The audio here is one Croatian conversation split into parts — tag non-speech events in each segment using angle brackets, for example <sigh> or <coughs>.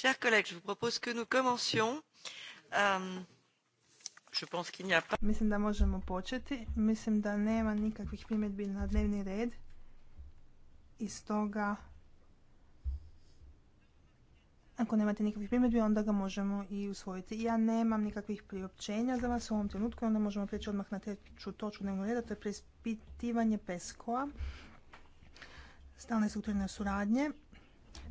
Chers collègues, je vous propose que nous commencions. Euh, je pense qu'il n'y a Mislim da možemo početi. Mislim da nema nikakvih primjedbi na dnevni red. I stoga, ako nemate nikakvih primjedbi, onda ga možemo i usvojiti. Ja nemam nikakvih priopćenja za vas u ovom trenutku, onda možemo prijeći odmah na treću točku dnevnog reda, to je preispitivanje PESCO-a, stalne strukturne suradnje.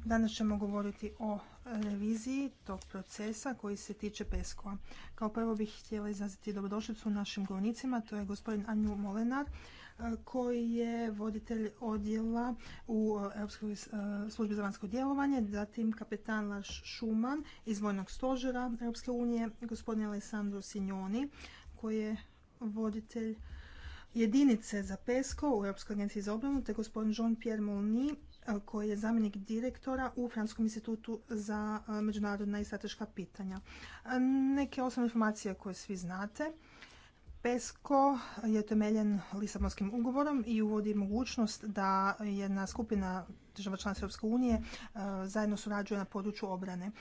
Danas ćemo govoriti o reviziji tog procesa koji se tiče PESCO-a. Kao prvo bih htjela izraziti dobrodošlicu našim govornicima, to je gospodin Anju Molenar, e, koji je voditelj odjela u e, Europskoj e, službi za vanjsko djelovanje, zatim kapetan Laš Šuman iz Vojnog stožera Europske unije, gospodin Alessandro Signoni, koji je voditelj jedinice za PESCO u Europskoj agenciji za obranu, te gospodin Jean-Pierre Molny Eh, koji je zamjenik direktora u francuskom institutu za eh, međunarodna i strateška pitanja. Eh, neke osnovne informacije koje svi znate. PESCO je temeljen Lisabonskim ugovorom i uvodi mogućnost da jedna skupina država članica Europske unije zajedno surađuje na području obrane.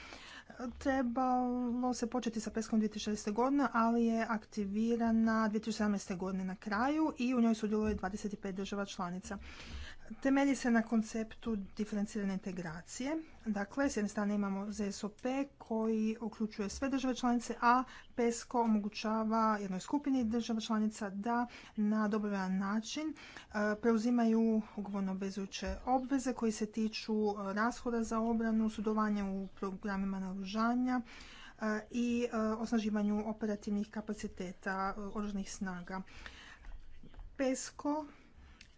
Trebalo se početi sa PESCO-om 2016. godina, ali je aktivirana 2017. godine na kraju i u njoj sudjeluje 25 država članica temelji se na konceptu diferencirane integracije. Dakle, s jedne strane imamo ZSOP koji uključuje sve države članice, a PESCO omogućava jednoj skupini država članica da na dobrovan način e, preuzimaju ugovorno obvezujuće obveze koji se tiču e, rashoda za obranu, sudovanja u programima naružanja e, i osnaživanju operativnih kapaciteta oružnih snaga. PESCO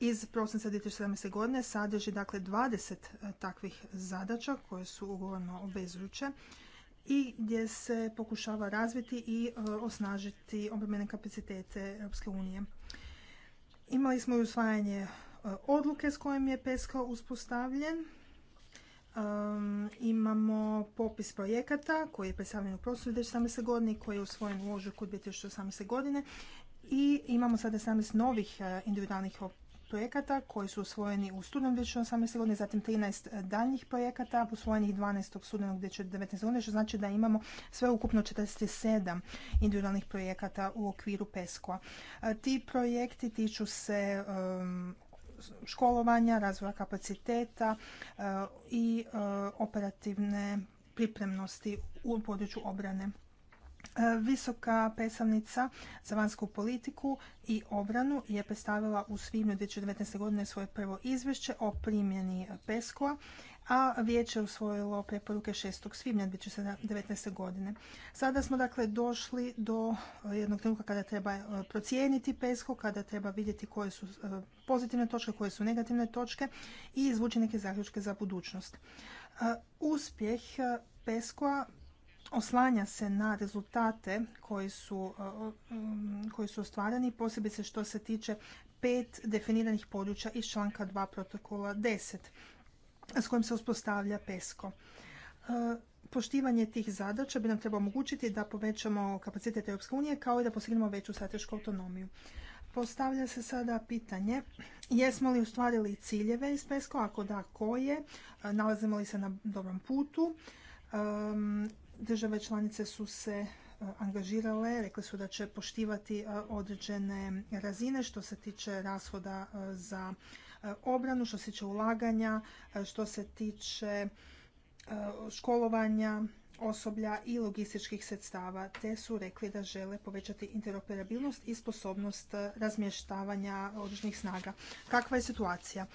iz prosinca 2017. godine sadrži dakle 20 e, takvih zadaća koje su ugovorno obvezujuće i gdje se pokušava razviti i e, osnažiti obrambene kapacitete Europske unije. Imali smo i usvajanje e, odluke s kojim je PESCO uspostavljen. imamo popis projekata koji je predstavljen u prosincu 2017. godine i koji je usvojen u ožujku 2018. godine i imamo sada 17 novih individualnih projekata koji su usvojeni u studenom 2018. godine, zatim 13 daljnjih projekata usvojenih 12. studenog 2019. godine, što znači da imamo sve ukupno 47 individualnih projekata u okviru PESCO-a. E, ti projekti tiču se školovanja, razvoja kapaciteta e, i e, operativne pripremnosti u području obrane. E, visoka predstavnica za vanjsku politiku i obranu je predstavila u svibnju 2019. godine svoje prvo izvješće o primjeni PESCO-a, a vijeće je usvojilo preporuke 6. svibnja 2019. godine. Sada smo dakle došli do jednog trenutka kada treba e, procijeniti PESCO, kada treba vidjeti koje su e, pozitivne točke, koje su negativne točke i izvući neke zaključke za budućnost. Uspjeh PESCO-a oslanja se na rezultate koji su, e, mm, koji su ostvareni, posebice što se tiče pet definiranih područja iz članka 2 protokola 10 s kojim se uspostavlja PESCO. E, poštivanje tih zadaća bi nam trebao omogućiti da povećamo kapacitet Europske unije kao i da postignemo veću stratešku autonomiju. Postavlja se sada pitanje jesmo li ostvarili ciljeve iz PESCO, ako da koje, e, nalazimo li se na dobrom putu, Države članice su se e, angažirale, rekli su da će poštivati e, određene razine što se tiče rashoda e, za obranu, što se tiče ulaganja, što se tiče školovanja osoblja i logističkih sredstava, te su rekli da žele povećati interoperabilnost i sposobnost razmještavanja određenih snaga. Kakva je situacija?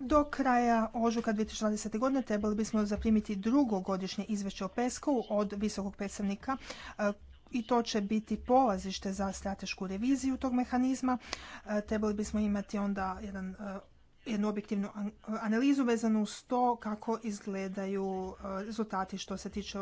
Do kraja ožuka 2020. godine trebali bismo zaprimiti drugo godišnje izvješće o pesku od visokog predstavnika e, i to će biti polazište za stratešku reviziju tog mehanizma. E, trebali bismo imati onda jedan e, jednu objektivnu analizu vezanu uz to kako izgledaju e, rezultati što se tiče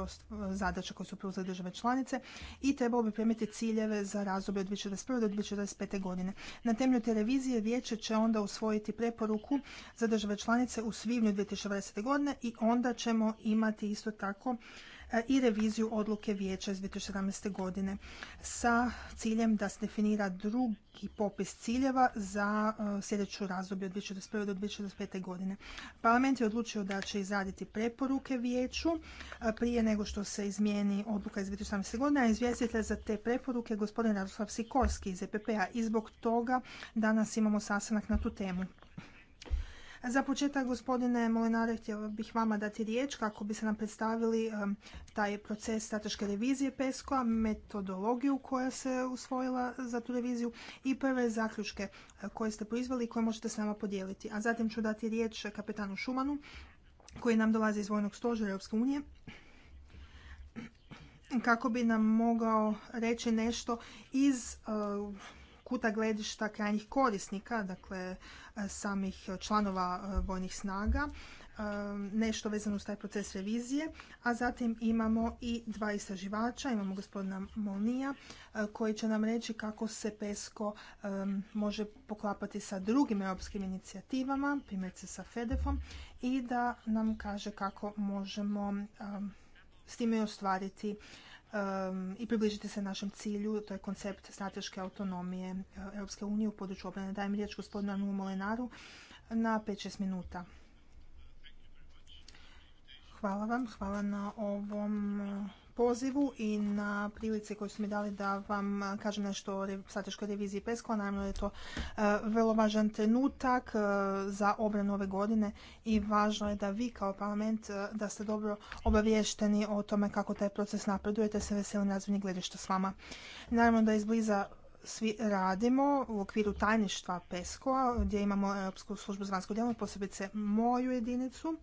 zadaća koje su preuzele države članice i trebao bi ciljeve za razdoblje od 2021. do 2025. godine. Na temelju te revizije vijeće će onda usvojiti preporuku za države članice u svibnju 2020. godine i onda ćemo imati isto tako E, i reviziju odluke vijeća iz 2017. godine sa ciljem da se definira drugi popis ciljeva za e, sljedeću razdoblje od 2021. do 2025. godine. Parlament je odlučio da će izraditi preporuke vijeću e, prije nego što se izmijeni odluka iz 2017. godine, a izvjestitelj za te preporuke je gospodin Radoslav Sikorski iz EPP-a i zbog toga danas imamo sastanak na tu temu. Za početak, gospodine Molinare, htjela bih vama dati riječ kako bi se nam predstavili taj proces strateške revizije PESCO-a, metodologiju koja se usvojila za tu reviziju i prve zaključke e, koje ste proizveli i koje možete s nama podijeliti. A zatim ću dati riječ kapetanu Šumanu koji nam dolazi iz Vojnog stožera Europske unije kako bi nam mogao reći nešto iz e, kuta gledišta krajnjih korisnika, dakle e, samih članova e, vojnih snaga, e, nešto vezano uz taj proces revizije, a zatim imamo i dva istraživača, imamo gospodina Molnija koji će nam reći kako se PESCO može poklapati sa drugim europskim inicijativama, primjerice sa FEDEF-om, i da nam kaže kako možemo s time ostvariti um, i približiti se našem cilju, to je koncept strateške autonomije e, Europske unije u području obrane. Dajem riječ gospodinu Anu Molenaru na 5-6 minuta. Hvala vam, hvala na ovom pozivu i na prilici koju su mi dali da vam kažem nešto o strateškoj reviziji PESCO. Naravno je to vrlo važan trenutak za obranu ove godine i važno je da vi kao parlament da ste dobro obavješteni o tome kako taj proces napreduje te se veselim razvojnih gledišta s vama. Naravno da izbliza svi radimo u okviru tajništva PESCO-a gdje imamo Europsku službu za vanjsku djelovanje, posebice moju jedinicu,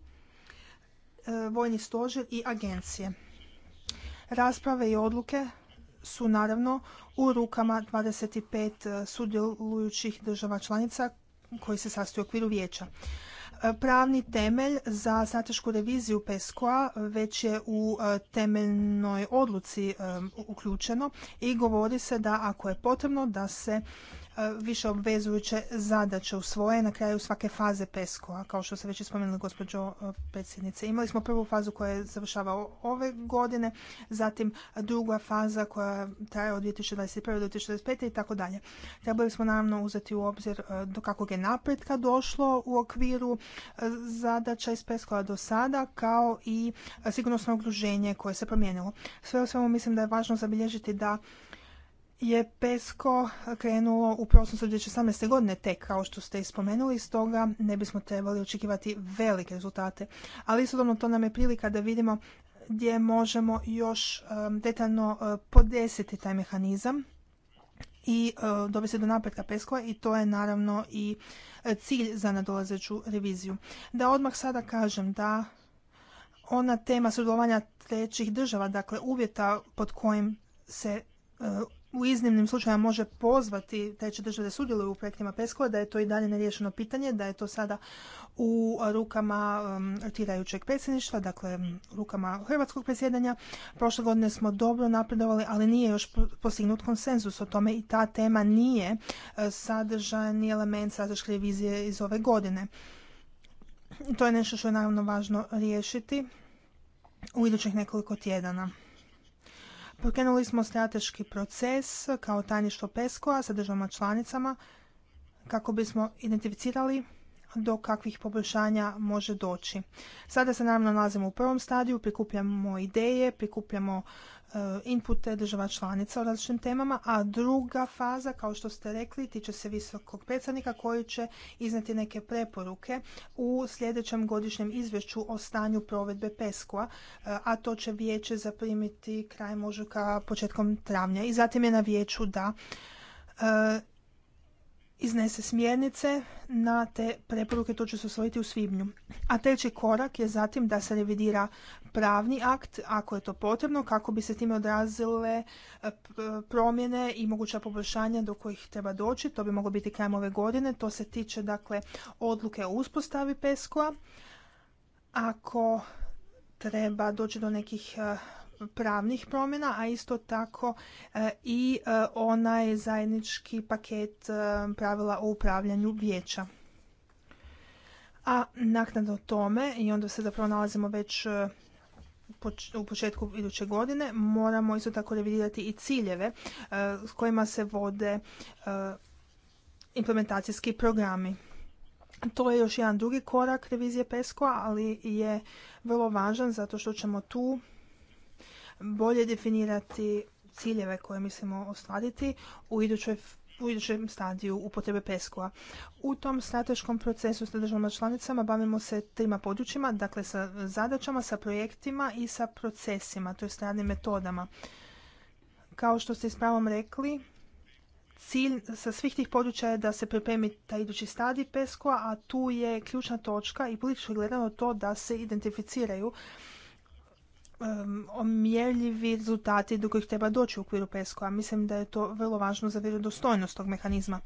vojni stožer i agencije. Rasprave i odluke su naravno u rukama 25 eh, sudjelujućih država članica koji se sastoji u okviru vijeća. Eh, pravni temelj za stratešku reviziju PESCO-a već je u eh, temeljnoj odluci uključeno i govori se da ako je potrebno da se E, više obvezujuće zadaće usvoje na kraju svake faze PESCO-a, kao što se već spomenuli gospođo e, predsjednice. Imali smo prvu fazu koja je završava ove godine, zatim druga faza koja traje od 2021. do 2025. i tako dalje. Trebali smo naravno uzeti u obzir e, do kakvog je napretka došlo u okviru zadaća iz PESCO-a do sada, kao i sigurnosno okruženje koje se promijenilo. Sve u svemu mislim da je važno zabilježiti da je PESCO krenulo u prosincu 2018. godine tek, kao što ste ispomenuli, stoga ne bismo trebali očekivati velike rezultate. Ali istodobno to nam je prilika da vidimo gdje možemo još um, detaljno uh, podesiti taj mehanizam i uh, dovesti do napretka pesco i to je naravno i uh, cilj za nadolazeću reviziju. Da odmah sada kažem da ona tema sudjelovanja trećih država, dakle uvjeta pod kojim se u iznimnim slučajevima može pozvati treće države da sudjeluju u projektima peskova da je to i dalje neriješeno pitanje, da je to sada u rukama um, tirajućeg predsjedništva, dakle u um, rukama hrvatskog predsjedanja. Prošle godine smo dobro napredovali, ali nije još postignut konsenzus o tome i ta tema nije uh, sadržajni element strateške revizije iz ove godine. To je nešto što je naravno važno riješiti u idućih nekoliko tjedana. Pokrenuli smo strateški proces kao tajništvo PESCO-a sa državama članicama kako bismo identificirali do kakvih poboljšanja može doći. Sada se naravno nalazimo u prvom stadiju, prikupljamo ideje, prikupljamo e, inpute država članica o različitim temama, a druga faza, kao što ste rekli, tiče se visokog predstavnika koji će iznati neke preporuke u sljedećem godišnjem izvješću o stanju provedbe PESCO-a, e, a to će vijeće zaprimiti krajem ožujka početkom travnja. I zatim je na vijeću da e, iznese smjernice na te preporuke, to će se osvojiti u svibnju. A treći korak je zatim da se revidira pravni akt, ako je to potrebno, kako bi se time odrazile e, promjene i moguća poboljšanja do kojih treba doći. To bi moglo biti krajem ove godine. To se tiče dakle odluke o uspostavi pesco Ako treba doći do nekih e, pravnih promjena, a isto tako e, i e, onaj zajednički paket e, pravila o upravljanju vijeća. A o tome, i onda se zapravo nalazimo već u početku iduće godine, moramo isto tako revidirati i ciljeve s kojima se vode implementacijski programi. To je još jedan drugi korak revizije PESCO, ali je vrlo važan zato što ćemo tu bolje definirati ciljeve koje mislimo ostvariti u idućoj u idućem stadiju upotrebe Pesco-a. U tom strateškom procesu s državama članicama bavimo se trima područjima, dakle sa zadaćama, sa projektima i sa procesima, to je radnim metodama. Kao što ste s pravom rekli, cilj sa svih tih područja je da se pripremi taj idući stadij pesco a tu je ključna točka i politički gledano to da se identificiraju um, omjerljivi rezultati do kojih treba doći u okviru PESCO-a. Mislim da je to vrlo važno za vjerodostojnost tog mehanizma.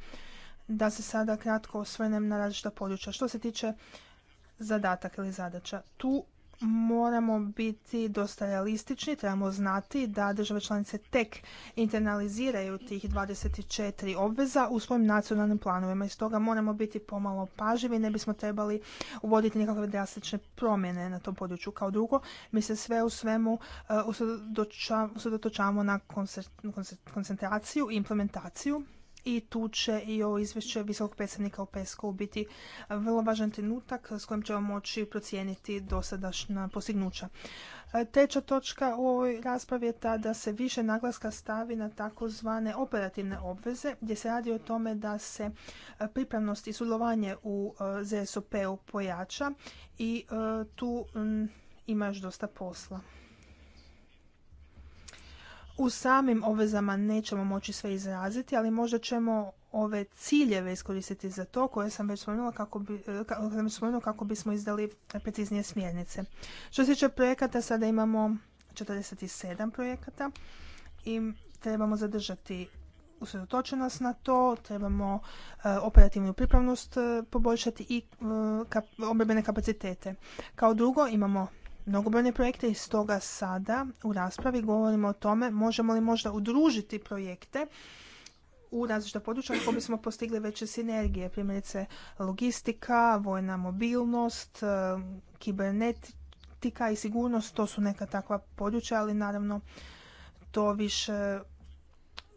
Da se sada kratko osvrnem na različita područja. Što se tiče zadataka ili zadaća, tu moramo biti dosta realistični, trebamo znati da države članice tek internaliziraju tih 24 obveza u svojim nacionalnim planovima i stoga moramo biti pomalo pažljivi, ne bismo trebali uvoditi nekakve drastične promjene na tom području. Kao drugo, mi se sve u svemu eh, usredotočavamo na koncentraciju i implementaciju i tu će i ovo izvješće visokog predsjednika u PESCO biti vrlo važan trenutak s kojim ćemo moći procijeniti dosadašnja postignuća. E, treća točka u ovoj raspravi je ta da se više naglaska stavi na takozvane operativne obveze, gdje se radi o tome da se e, pripravnost i sudjelovanje u e, ZSOP-u pojača i tu ima još dosta posla u samim obvezama nećemo moći sve izraziti, ali možda ćemo ove ciljeve iskoristiti za to koje sam već spomenula kako, bi, e, kako, kako bismo izdali preciznije smjernice. Što se tiče projekata, sada imamo 47 projekata i trebamo zadržati usredotočenost na to, trebamo e, operativnu pripravnost e, poboljšati i e, kapacitete. Kao drugo imamo mnogobrojne projekte i stoga sada u raspravi govorimo o tome možemo li možda udružiti projekte u različita područja kako bismo postigli veće sinergije, primjerice logistika, vojna mobilnost, e, kibernetika i sigurnost, to su neka takva područja, ali naravno to više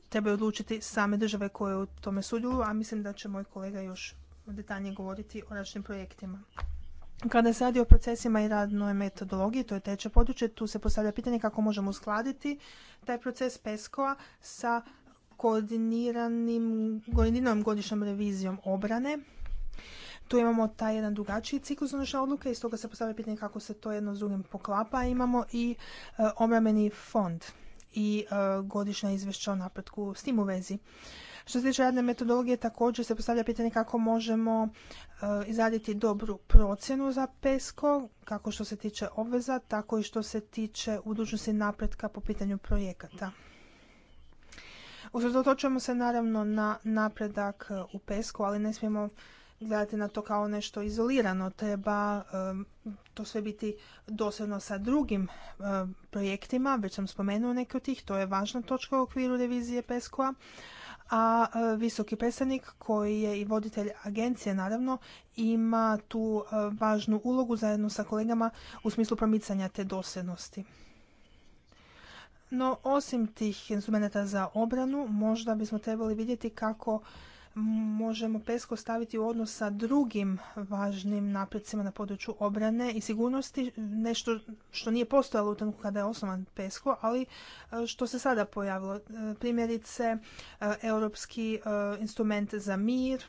treba odlučiti same države koje u tome sudjeluju, a mislim da će moj kolega još detaljnije govoriti o različitim projektima. Kada se radi o procesima i radnoj metodologiji, to je treće područje, tu se postavlja pitanje kako možemo uskladiti taj proces PESCO-a sa koordiniranim, koordiniranom godišnjom revizijom obrane. Tu imamo taj jedan drugačiji ciklus donošenja odluke i stoga se postavlja pitanje kako se to jedno s drugim poklapa. Imamo i e, obrambeni obrameni fond i e, godišnja izvješća o napretku s tim u vezi. Što se tiče radne metodologije, također se postavlja pitanje kako možemo eh, izraditi dobru procjenu za PESCO, kako što se tiče obveza, tako i što se tiče budućnosti napretka po pitanju projekata. Usredotočujemo se naravno na napredak eh, u PESCO, ali ne smijemo gledati na to kao nešto izolirano. Treba eh, to sve biti dosljedno sa drugim projektima, već sam spomenuo neke od tih, to je važna točka u okviru revizije PESCO-a a e, visoki predstavnik koji je i voditelj agencije naravno ima tu e, važnu ulogu zajedno sa kolegama u smislu promicanja te dosljednosti. No, osim tih instrumenta za obranu, možda bismo trebali vidjeti kako možemo pesko staviti u odnos sa drugim važnim napredcima na području obrane i sigurnosti, nešto što nije postojalo u trenutku kada je osnovan pesko, ali e, što se sada pojavilo. E, primjerice, e, europski instrument za mir,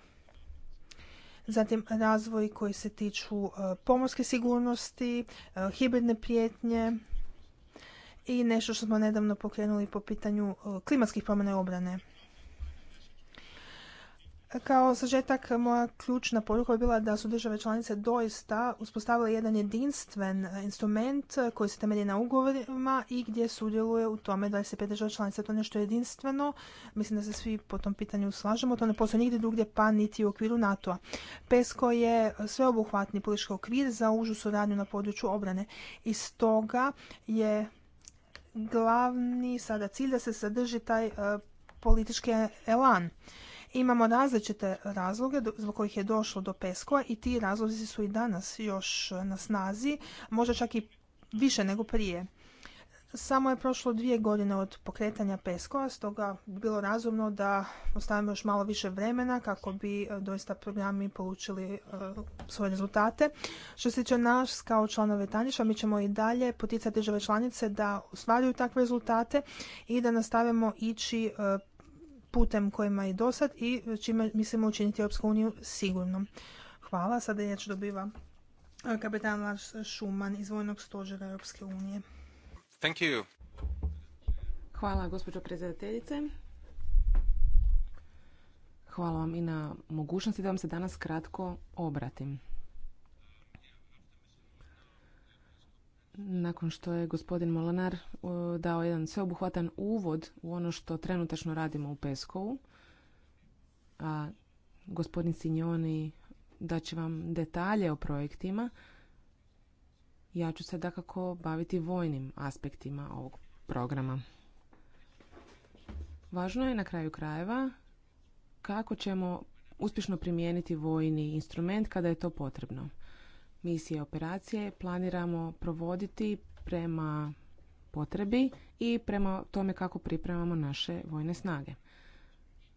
zatim razvoj koji se tiču pomorske sigurnosti, hibridne prijetnje i nešto što smo nedavno pokrenuli po pitanju klimatskih promjena i obrane. Kao sažetak moja ključna poruka je bila da su države članice doista uspostavile jedan jedinstven instrument koji se temelji na ugovorima i gdje sudjeluje u tome 25 država članica. To je nešto jedinstveno. Mislim da se svi po tom pitanju slažemo. To ne postoji nigdje drugdje pa niti u okviru NATO-a. PESCO je sveobuhvatni politički okvir za užu suradnju na području obrane. I stoga je glavni sada cilj da se sadrži taj eh, politički elan. Imamo različite razloge zbog kojih je došlo do peskova i ti razlozi su i danas još na snazi, možda čak i više nego prije. Samo je prošlo dvije godine od pokretanja peskova, stoga bi bilo razumno da ostavimo još malo više vremena kako bi e, doista programi polučili e, svoje rezultate. Što se tiče nas kao članove Taniša, mi ćemo i dalje poticati države članice da ostvaruju takve rezultate i da nastavimo ići e, putem kojima je dosad i čime mislimo učiniti Europsku uniju sigurnom. Hvala. Sada ću dobiva e, kapitan Lars Schumann iz Vojnog stožera Europske unije. Thank you. Hvala gospođo predsjedateljice. Hvala vam i na mogućnosti da vam se danas kratko obratim. nakon što je gospodin Molinar uh, dao jedan sveobuhvatan uvod u ono što trenutačno radimo u Peskovu, a gospodin Sinjoni da će vam detalje o projektima, ja ću se dakako baviti vojnim aspektima ovog programa. Važno je na kraju krajeva kako ćemo uspješno primijeniti vojni instrument kada je to potrebno misije operacije planiramo provoditi prema potrebi i prema tome kako pripremamo naše vojne snage.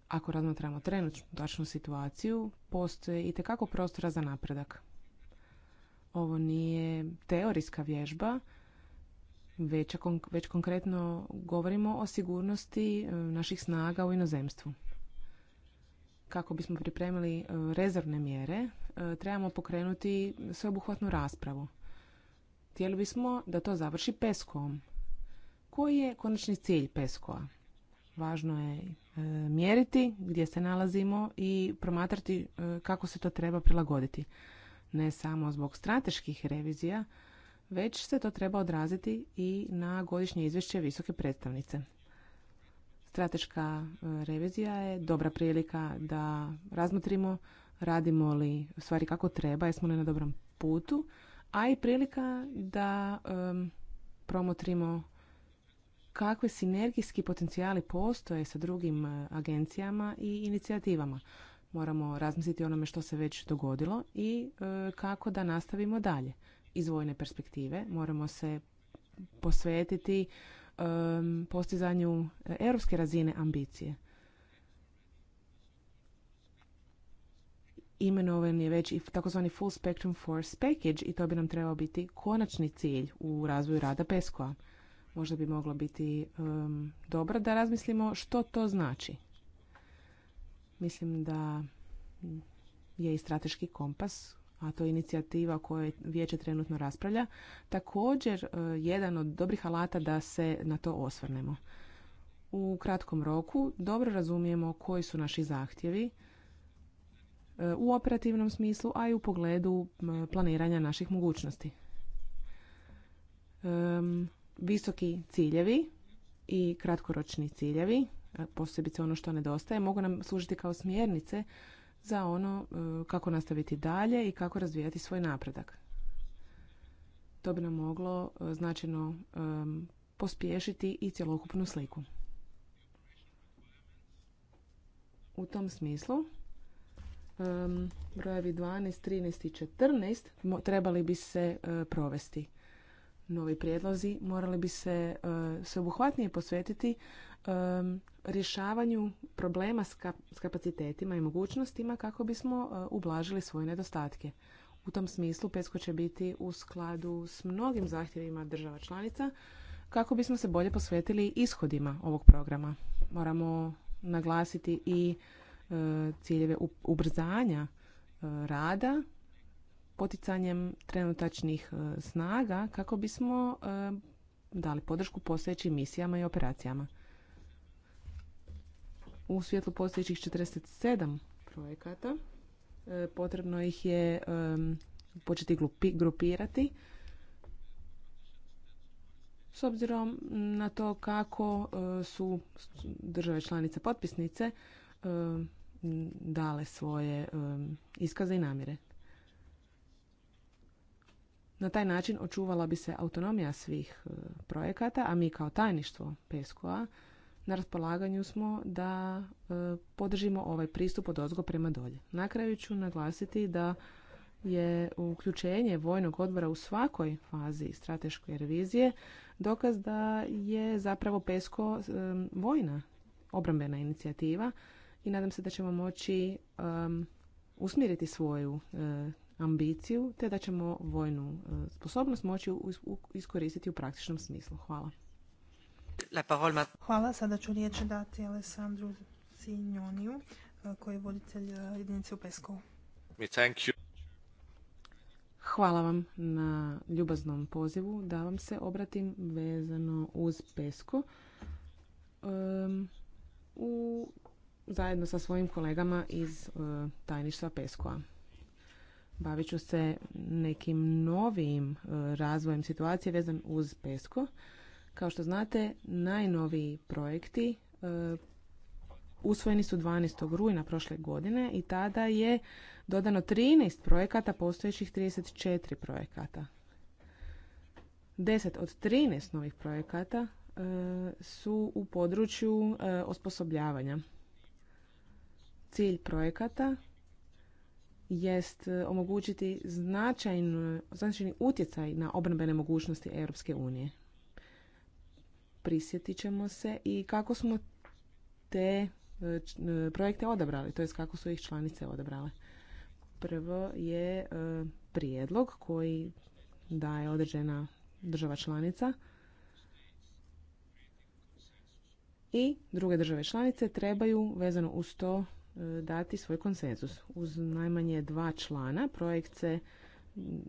Ako razmatramo trenutačnu situaciju, postoje i tekako prostora za napredak. Ovo nije teorijska vježba, već, već konkretno govorimo o sigurnosti e, naših snaga u inozemstvu. Kako bismo pripremili e, rezervne mjere, E, trebamo pokrenuti sveobuhvatnu raspravu. Htjeli bismo da to završi peskom. Koji je konačni cilj peskoa? Važno je e, mjeriti gdje se nalazimo i promatrati e, kako se to treba prilagoditi. Ne samo zbog strateških revizija, već se to treba odraziti i na godišnje izvješće visoke predstavnice. Strateška revizija je dobra prilika da razmotrimo radimo li stvari kako treba, jesmo li na dobrom putu, a i prilika da promotrimo kakve sinergijski potencijali postoje sa drugim e, agencijama i inicijativama. Moramo razmisliti o onome što se već dogodilo i e, kako da nastavimo dalje. Iz vojne perspektive moramo se posvetiti postizanju e, europske razine ambicije. imenovan je već i takozvani Full Spectrum Force Package i to bi nam trebao biti konačni cilj u razvoju rada PESCO-a. Možda bi moglo biti dobro da razmislimo što to znači. Mislim da je i strateški kompas, a to je inicijativa kojoj vijeće trenutno raspravlja, također e, jedan od dobrih alata da se na to osvrnemo. U kratkom roku dobro razumijemo koji su naši zahtjevi, u operativnom smislu, a i u pogledu planiranja naših mogućnosti. Visoki ciljevi i kratkoročni ciljevi, e, posebice ono što nedostaje, mogu nam služiti kao smjernice za ono e, kako nastaviti dalje i kako razvijati svoj napredak. To bi nam moglo e, značajno pospješiti i cjelokupnu sliku. U tom smislu brojevi 12, 13 i 14 trebali bi se e, provesti. Novi prijedlozi morali bi se e, sveobuhvatnije posvetiti rješavanju problema s kapacitetima i mogućnostima kako bismo e, ublažili svoje nedostatke. U tom smislu PESCO će biti u skladu s mnogim zahtjevima država članica kako bismo se bolje posvetili ishodima ovog programa. Moramo naglasiti i E, ciljeve ubrzanja e, rada poticanjem trenutačnih e, snaga kako bismo dali podršku postojećim misijama i operacijama. U svjetlu postojećih 47 projekata potrebno ih je početi grupirati s obzirom na to kako su države članice potpisnice dale svoje iskaze i namjere. Na taj način očuvala bi se autonomija svih e, projekata, a mi kao tajništvo PESCO-a na raspolaganju smo da e, podržimo ovaj pristup od ozgo prema dolje. Na kraju ću naglasiti da je uključenje vojnog odbora u svakoj fazi strateške revizije dokaz da je zapravo PESCO vojna obrambena inicijativa i nadam se da ćemo moći um, usmjeriti svoju e, ambiciju te da ćemo vojnu e, sposobnost moći iskoristiti u praktičnom smislu. Hvala. Hvala. Sada ću riječ dati Alessandru Signoniju e, koji je voditelj jedinice u Peskovu. Hvala vam na ljubaznom pozivu da vam se obratim vezano uz Pesko. U zajedno sa svojim kolegama iz e, tajništva Peskoa. Bavit ću se nekim novijim e, razvojem situacije vezan uz Pesko. Kao što znate, najnoviji projekti e, usvojeni su 12. rujna prošle godine i tada je dodano 13 projekata postojećih 34 projekata. 10 od 13 novih projekata su u području osposobljavanja Cilj projekata jest omogućiti značajni, utjecaj na obrambene mogućnosti Europske unije. Prisjetit ćemo se i kako smo te e, e, projekte odabrali, to jest kako su ih članice odabrale. Prvo je e, prijedlog koji daje određena država članica i druge države članice trebaju vezano uz to dati svoj konsenzus. Uz najmanje dva člana projekt se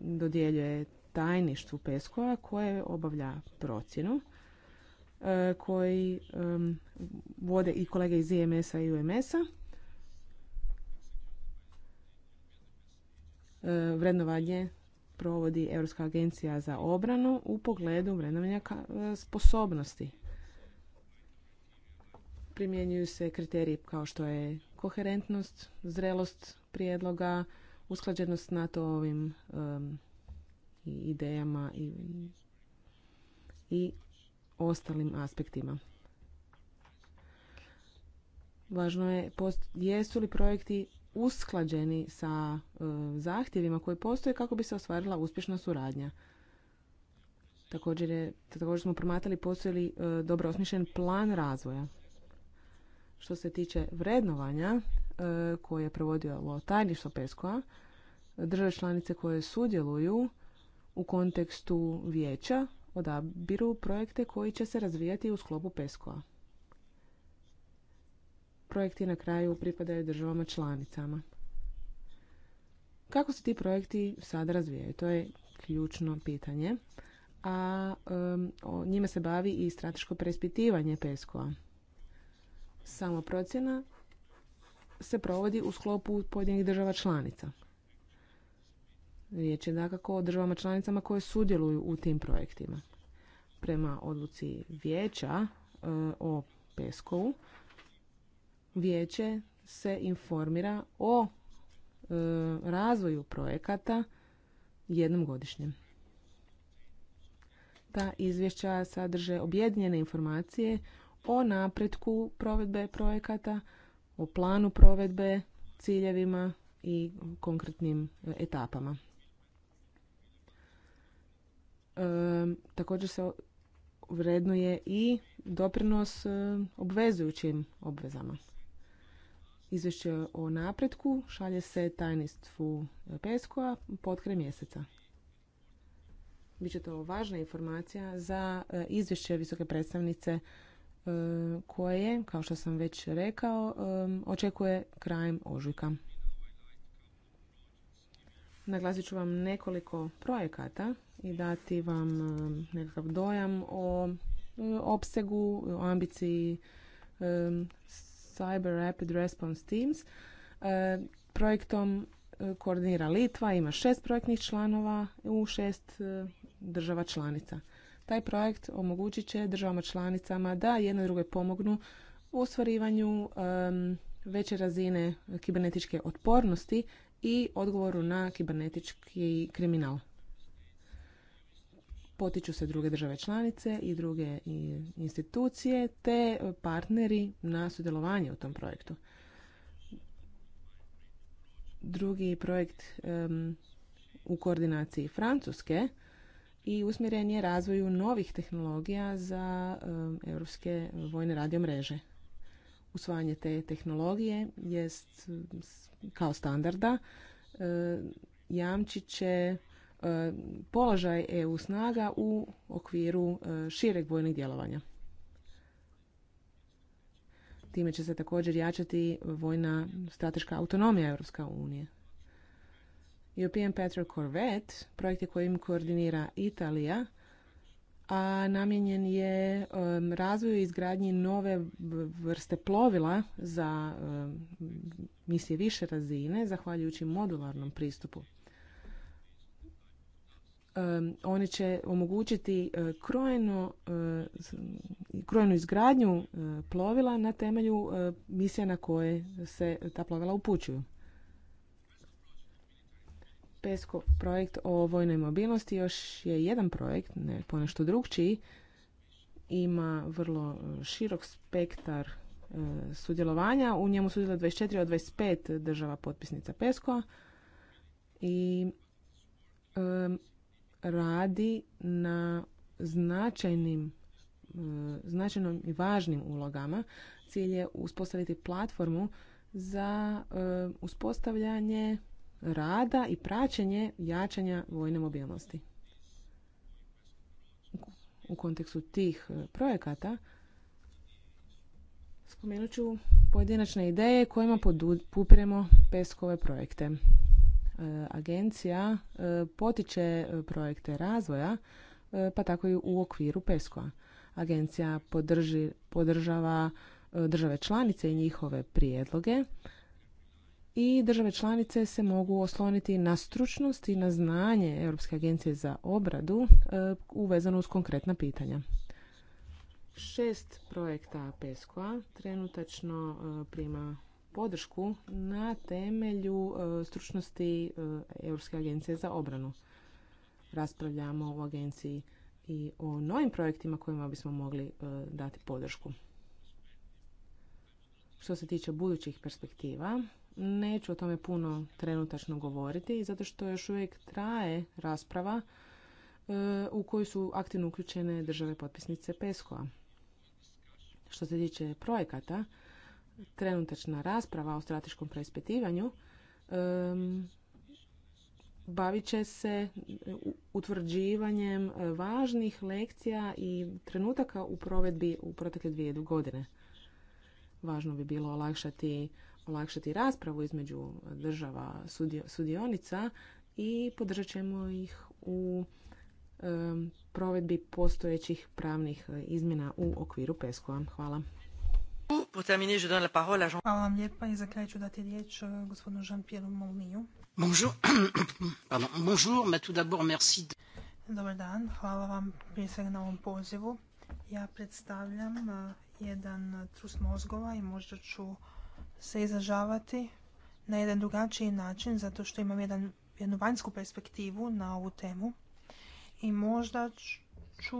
dodjeljuje tajništvu Peskova koje obavlja procjenu e, koji vode i kolege iz IMS-a i UMS-a. E, vrednovanje provodi Europska agencija za obranu u pogledu vrednovanja e, sposobnosti. Primjenjuju se kriteriji kao što je koherentnost, zrelost prijedloga, usklađenost na NATO-ovim i idejama i, i ostalim aspektima. Važno je post, jesu li projekti usklađeni sa zahtjevima koji postoje kako bi se ostvarila uspješna suradnja. Također, je, također smo promatrali postoji li dobro osmišljen plan razvoja. Što se tiče vrednovanja e, koje je provodilo tajništvo Peskoa, države članice koje sudjeluju u kontekstu vijeća odabiru projekte koji će se razvijati u sklopu Peskoa. Projekti na kraju pripadaju državama članicama. Kako se ti projekti sada razvijaju? To je ključno pitanje. A njime se bavi i strateško preispitivanje Peskoa procjena se provodi u sklopu pojedinih država članica. Riječ je dakako o državama članicama koje sudjeluju u tim projektima. Prema odluci vijeća e, o Peskovu, vijeće se informira o e, razvoju projekata jednom godišnjem. Ta izvješća sadrže objedinjene informacije o napretku provedbe projekata, o planu provedbe, ciljevima i konkretnim etapama. E, također se vrednuje i doprinos e, obvezujućim obvezama. Izvješće o napretku šalje se tajnistvu PSKO-a pod kraj mjeseca. Biće to važna informacija za e, izvješće visoke predstavnice E, koje, kao što sam već rekao, e, očekuje krajem ožujka. Naglasit ću vam nekoliko projekata i dati vam e, nekakav dojam o opsegu, o ambiciji Cyber Rapid Response Teams. Projektom koordinira Litva, ima šest projektnih članova u šest država članica. Taj projekt omogućit će državama članicama da jednoj drugoj druge pomognu u ostvarivanju veće razine kibernetičke otpornosti i odgovoru na kibernetički kriminal. Potiču se druge države članice i druge institucije te partneri na sudjelovanje u tom projektu. Drugi projekt u koordinaciji Francuske i usmjeren je razvoju novih tehnologija za um, europske vojne mreže. Usvajanje te tehnologije jest um, kao standarda um, jamčit će položaj EU snaga u okviru šireg vojnog djelovanja. Time će se također jačati vojna strateška autonomija Europska unije. European Petro Corvette, projekt je kojim koordinira Italija, a namijenjen je um, razvoju i izgradnji nove vrste plovila za um, misije više razine, zahvaljujući modularnom pristupu. Um, oni će omogućiti uh, krojeno, uh, krojenu izgradnju uh, plovila na temelju misija na koje se ta plovila upućuju projekt o vojnoj mobilnosti još je jedan projekt, ne ponešto drugčiji, ima vrlo širok spektar sudjelovanja. U njemu sudjeluje 24 od 25 država potpisnica PESCO i radi na značajnim značajnom i važnim ulogama. Cilj je uspostaviti platformu za uspostavljanje rada i praćenje jačanja vojne mobilnosti. U kontekstu tih e, projekata spomenut ću pojedinačne ideje kojima podupiremo peskove projekte. E, agencija e, potiče projekte razvoja, pa tako i u okviru peskova. Agencija podržava države članice i njihove prijedloge, i države članice se mogu osloniti na stručnost i na znanje Europske agencije za obradu e, uvezano uz konkretna pitanja. Šest projekta PESCO-a trenutačno e, prima podršku na temelju e, stručnosti Europske agencije za obranu. Raspravljamo u agenciji i o novim projektima kojima bismo mogli dati podršku. Što se tiče budućih perspektiva, neću o tome puno trenutačno govoriti zato što još uvijek traje rasprava e, u koju su aktivno uključene države potpisnice PESCO-a. Što se tiče projekata, trenutačna rasprava o strateškom preispitivanju um, bavit će se utvrđivanjem važnih lekcija i trenutaka u provedbi u protekle dvije godine. Važno bi bilo olakšati olakšati raspravu između država sudionica i podržat ćemo ih u provedbi postojećih pravnih e, izmjena u okviru PESCO-a. Hvala. Hvala vam lijepa i za kraj ću dati riječ e, gospodinu Jean-Pierre Molniju. <coughs> Bonjour. mais tout d'abord merci. Dobar dan, hvala vam prije svega na ovom pozivu. Ja predstavljam e, jedan trus mozgova i možda ću se izražavati na jedan drugačiji način zato što imam jedan, jednu vanjsku perspektivu na ovu temu i možda ću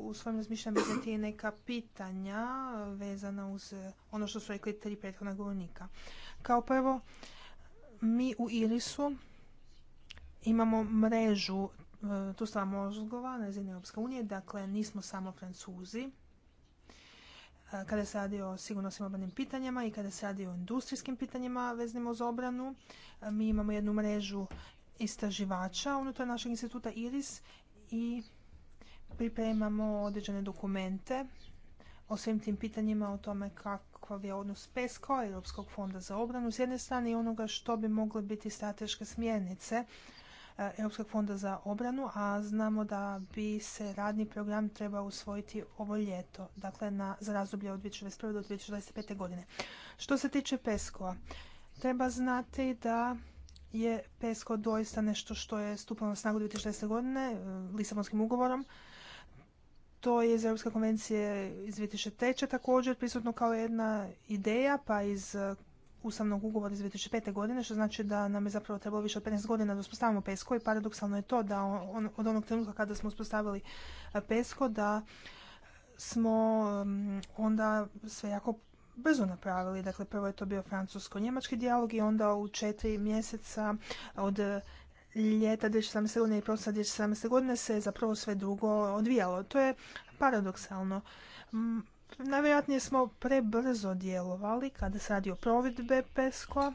u svojim razmišljanju iznijeti neka pitanja vezana uz ono što su rekli tri prethodna govornika. Kao prvo, mi u Irisu imamo mrežu e, tu mozgova na razini Europske unije, dakle nismo samo Francuzi, kada se radi o sigurnosnim obranim pitanjima i kada se radi o industrijskim pitanjima veznim uz obranu. Mi imamo jednu mrežu istraživača unutar našeg instituta IRIS i pripremamo određene dokumente o svim tim pitanjima, o tome kakav je odnos PESCO, Europskog fonda za obranu, s jedne strane i onoga što bi mogle biti strateške smjernice Eh, Europskog fonda za obranu, a znamo da bi se radni program trebao usvojiti ovo ljeto, dakle na, za razdoblje od 2021. do 2025. godine. Što se tiče PESCO-a, treba znati da je PESCO doista nešto što je stupilo na snagu 2016. godine eh, Lisabonskim ugovorom. To je iz Europske konvencije iz 2003. također prisutno kao jedna ideja, pa iz eh, ustavnog ugovora iz 2005. godine, što znači da nam je zapravo trebalo više od 15 godina da uspostavimo PESCO i paradoksalno je to da od onog trenutka kada smo uspostavili e, PESCO da smo mm, onda sve jako brzo napravili. Dakle, prvo je to bio francusko-njemački dijalog i onda u četiri mjeseca od ljeta 2017. godine i prosta 2017. godine se zapravo sve drugo odvijalo. To je paradoksalno mm, Najvjerojatnije smo prebrzo djelovali kada se radi o provedbe PESCO-a.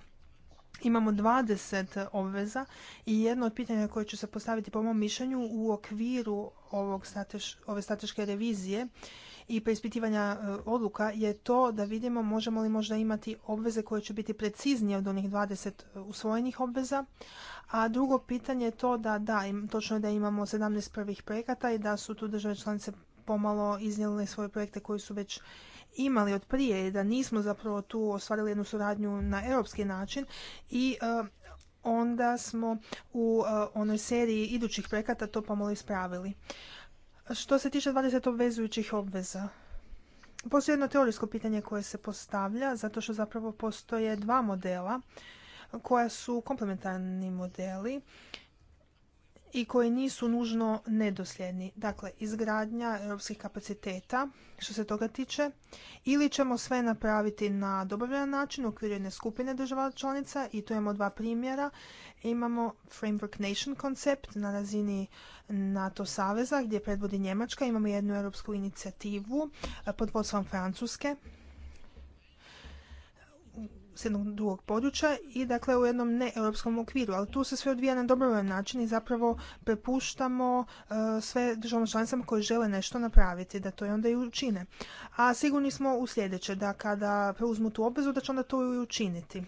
Imamo 20 obveza i jedno od pitanja koje ću se postaviti po mom mišljenju u okviru ovog ove strateške revizije i preispitivanja e, odluka je to da vidimo možemo li možda imati obveze koje će biti preciznije od onih 20 usvojenih obveza. A drugo pitanje je to da, da, točno je da imamo 17 prvih projekata i da su tu države članice pomalo iznijeli svoje projekte koji su već imali od prije i da nismo zapravo tu ostvarili jednu suradnju na europski način i e, onda smo u e, onoj seriji idućih projekata to pomalo ispravili. Što se tiče 20 obvezujućih obveza, postoji jedno teorijsko pitanje koje se postavlja, zato što zapravo postoje dva modela koja su komplementarni modeli i koji nisu nužno nedosljedni. Dakle, izgradnja europskih kapaciteta što se toga tiče ili ćemo sve napraviti na dobavljan način u okviru jedne skupine država članica i tu imamo dva primjera. Imamo Framework Nation koncept na razini NATO saveza gdje predvodi Njemačka. Imamo jednu europsku inicijativu eh, pod vodstvom Francuske s jednog drugog područja i dakle u jednom neeuropskom okviru. Ali tu se sve odvija na dobrovoljan način i zapravo prepuštamo e, sve državama članicama koje žele nešto napraviti, da to je onda i učine. A sigurni smo u sljedeće, da kada preuzmu tu obvezu da će onda to i učiniti.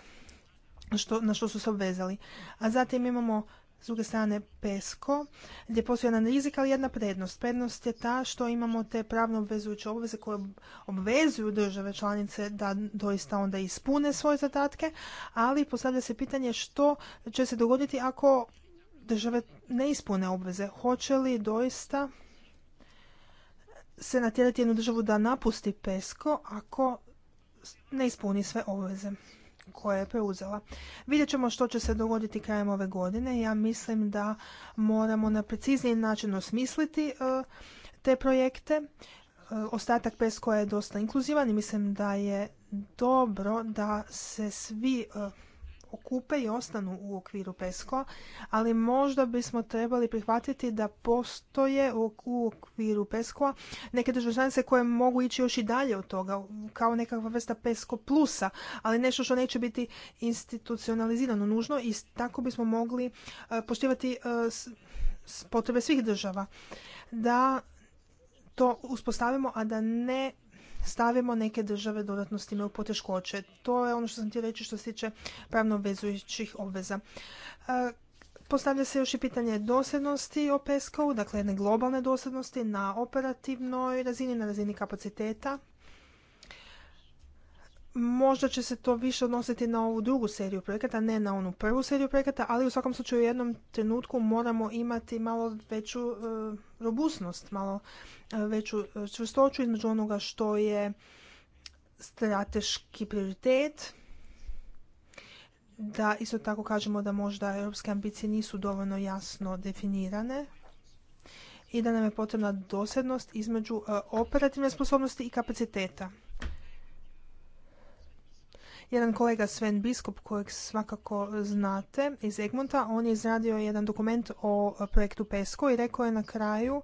Što, na što su se obvezali. A zatim imamo s druge strane PESCO, gdje postoji jedan rizik, ali jedna prednost. Prednost je ta što imamo te pravno obvezujuće obveze koje obvezuju države članice da doista onda ispune svoje zadatke, ali postavlja se pitanje što će se dogoditi ako države ne ispune obveze. Hoće li doista se natjerati jednu državu da napusti PESCO ako ne ispuni sve obveze koja je preuzela. Vidjet ćemo što će se dogoditi krajem ove godine. Ja mislim da moramo na precizniji način osmisliti e, te projekte. E, ostatak PESCO je dosta inkluzivan i mislim da je dobro da se svi e, okupe i ostanu u okviru PESCO, ali možda bismo trebali prihvatiti da postoje u okviru PESCO neke državljanice koje mogu ići još i dalje od toga, kao nekakva vrsta PESCO plusa, ali nešto što neće biti institucionalizirano nužno i tako bismo mogli e, poštivati e, potrebe svih država. Da to uspostavimo, a da ne stavimo neke države dodatno s time u poteškoće. To je ono što sam ti reći što se tiče pravno obvezujućih obveza. E, postavlja se još i pitanje dosljednosti o pesco dakle jedne globalne dosljednosti na operativnoj razini, na razini kapaciteta možda će se to više odnositi na ovu drugu seriju projekata, ne na onu prvu seriju projekata, ali u svakom slučaju u jednom trenutku moramo imati malo veću e, robustnost, malo e, veću e, čvrstoću između onoga što je strateški prioritet, da isto tako kažemo da možda europske ambicije nisu dovoljno jasno definirane i da nam je potrebna dosljednost između operativne sposobnosti i kapaciteta. Jedan kolega Sven Biskup, kojeg svakako znate iz Egmonta, on je izradio jedan dokument o projektu PESCO i rekao je na kraju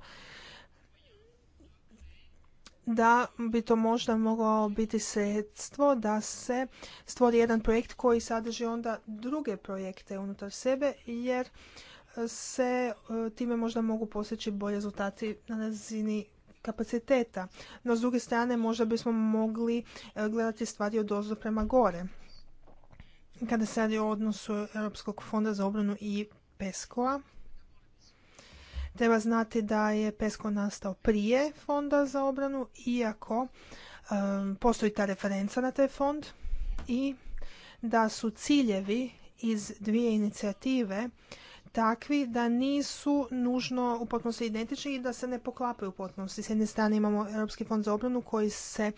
da bi to možda moglo biti sredstvo da se stvori jedan projekt koji sadrži onda druge projekte unutar sebe jer se e, time možda mogu postići bolji rezultati na razini kapaciteta. No, s druge strane, možda bismo mogli e, gledati stvari od ozdo prema gore. Kada se radi o odnosu Europskog fonda za obranu i PESCO-a, treba znati da je PESCO nastao prije fonda za obranu, iako e, postoji ta referenca na taj fond i da su ciljevi iz dvije inicijative takvi da nisu nužno u potpunosti identični i da se ne poklapaju u potpunosti. S jedne strane imamo Europski fond za obranu koji se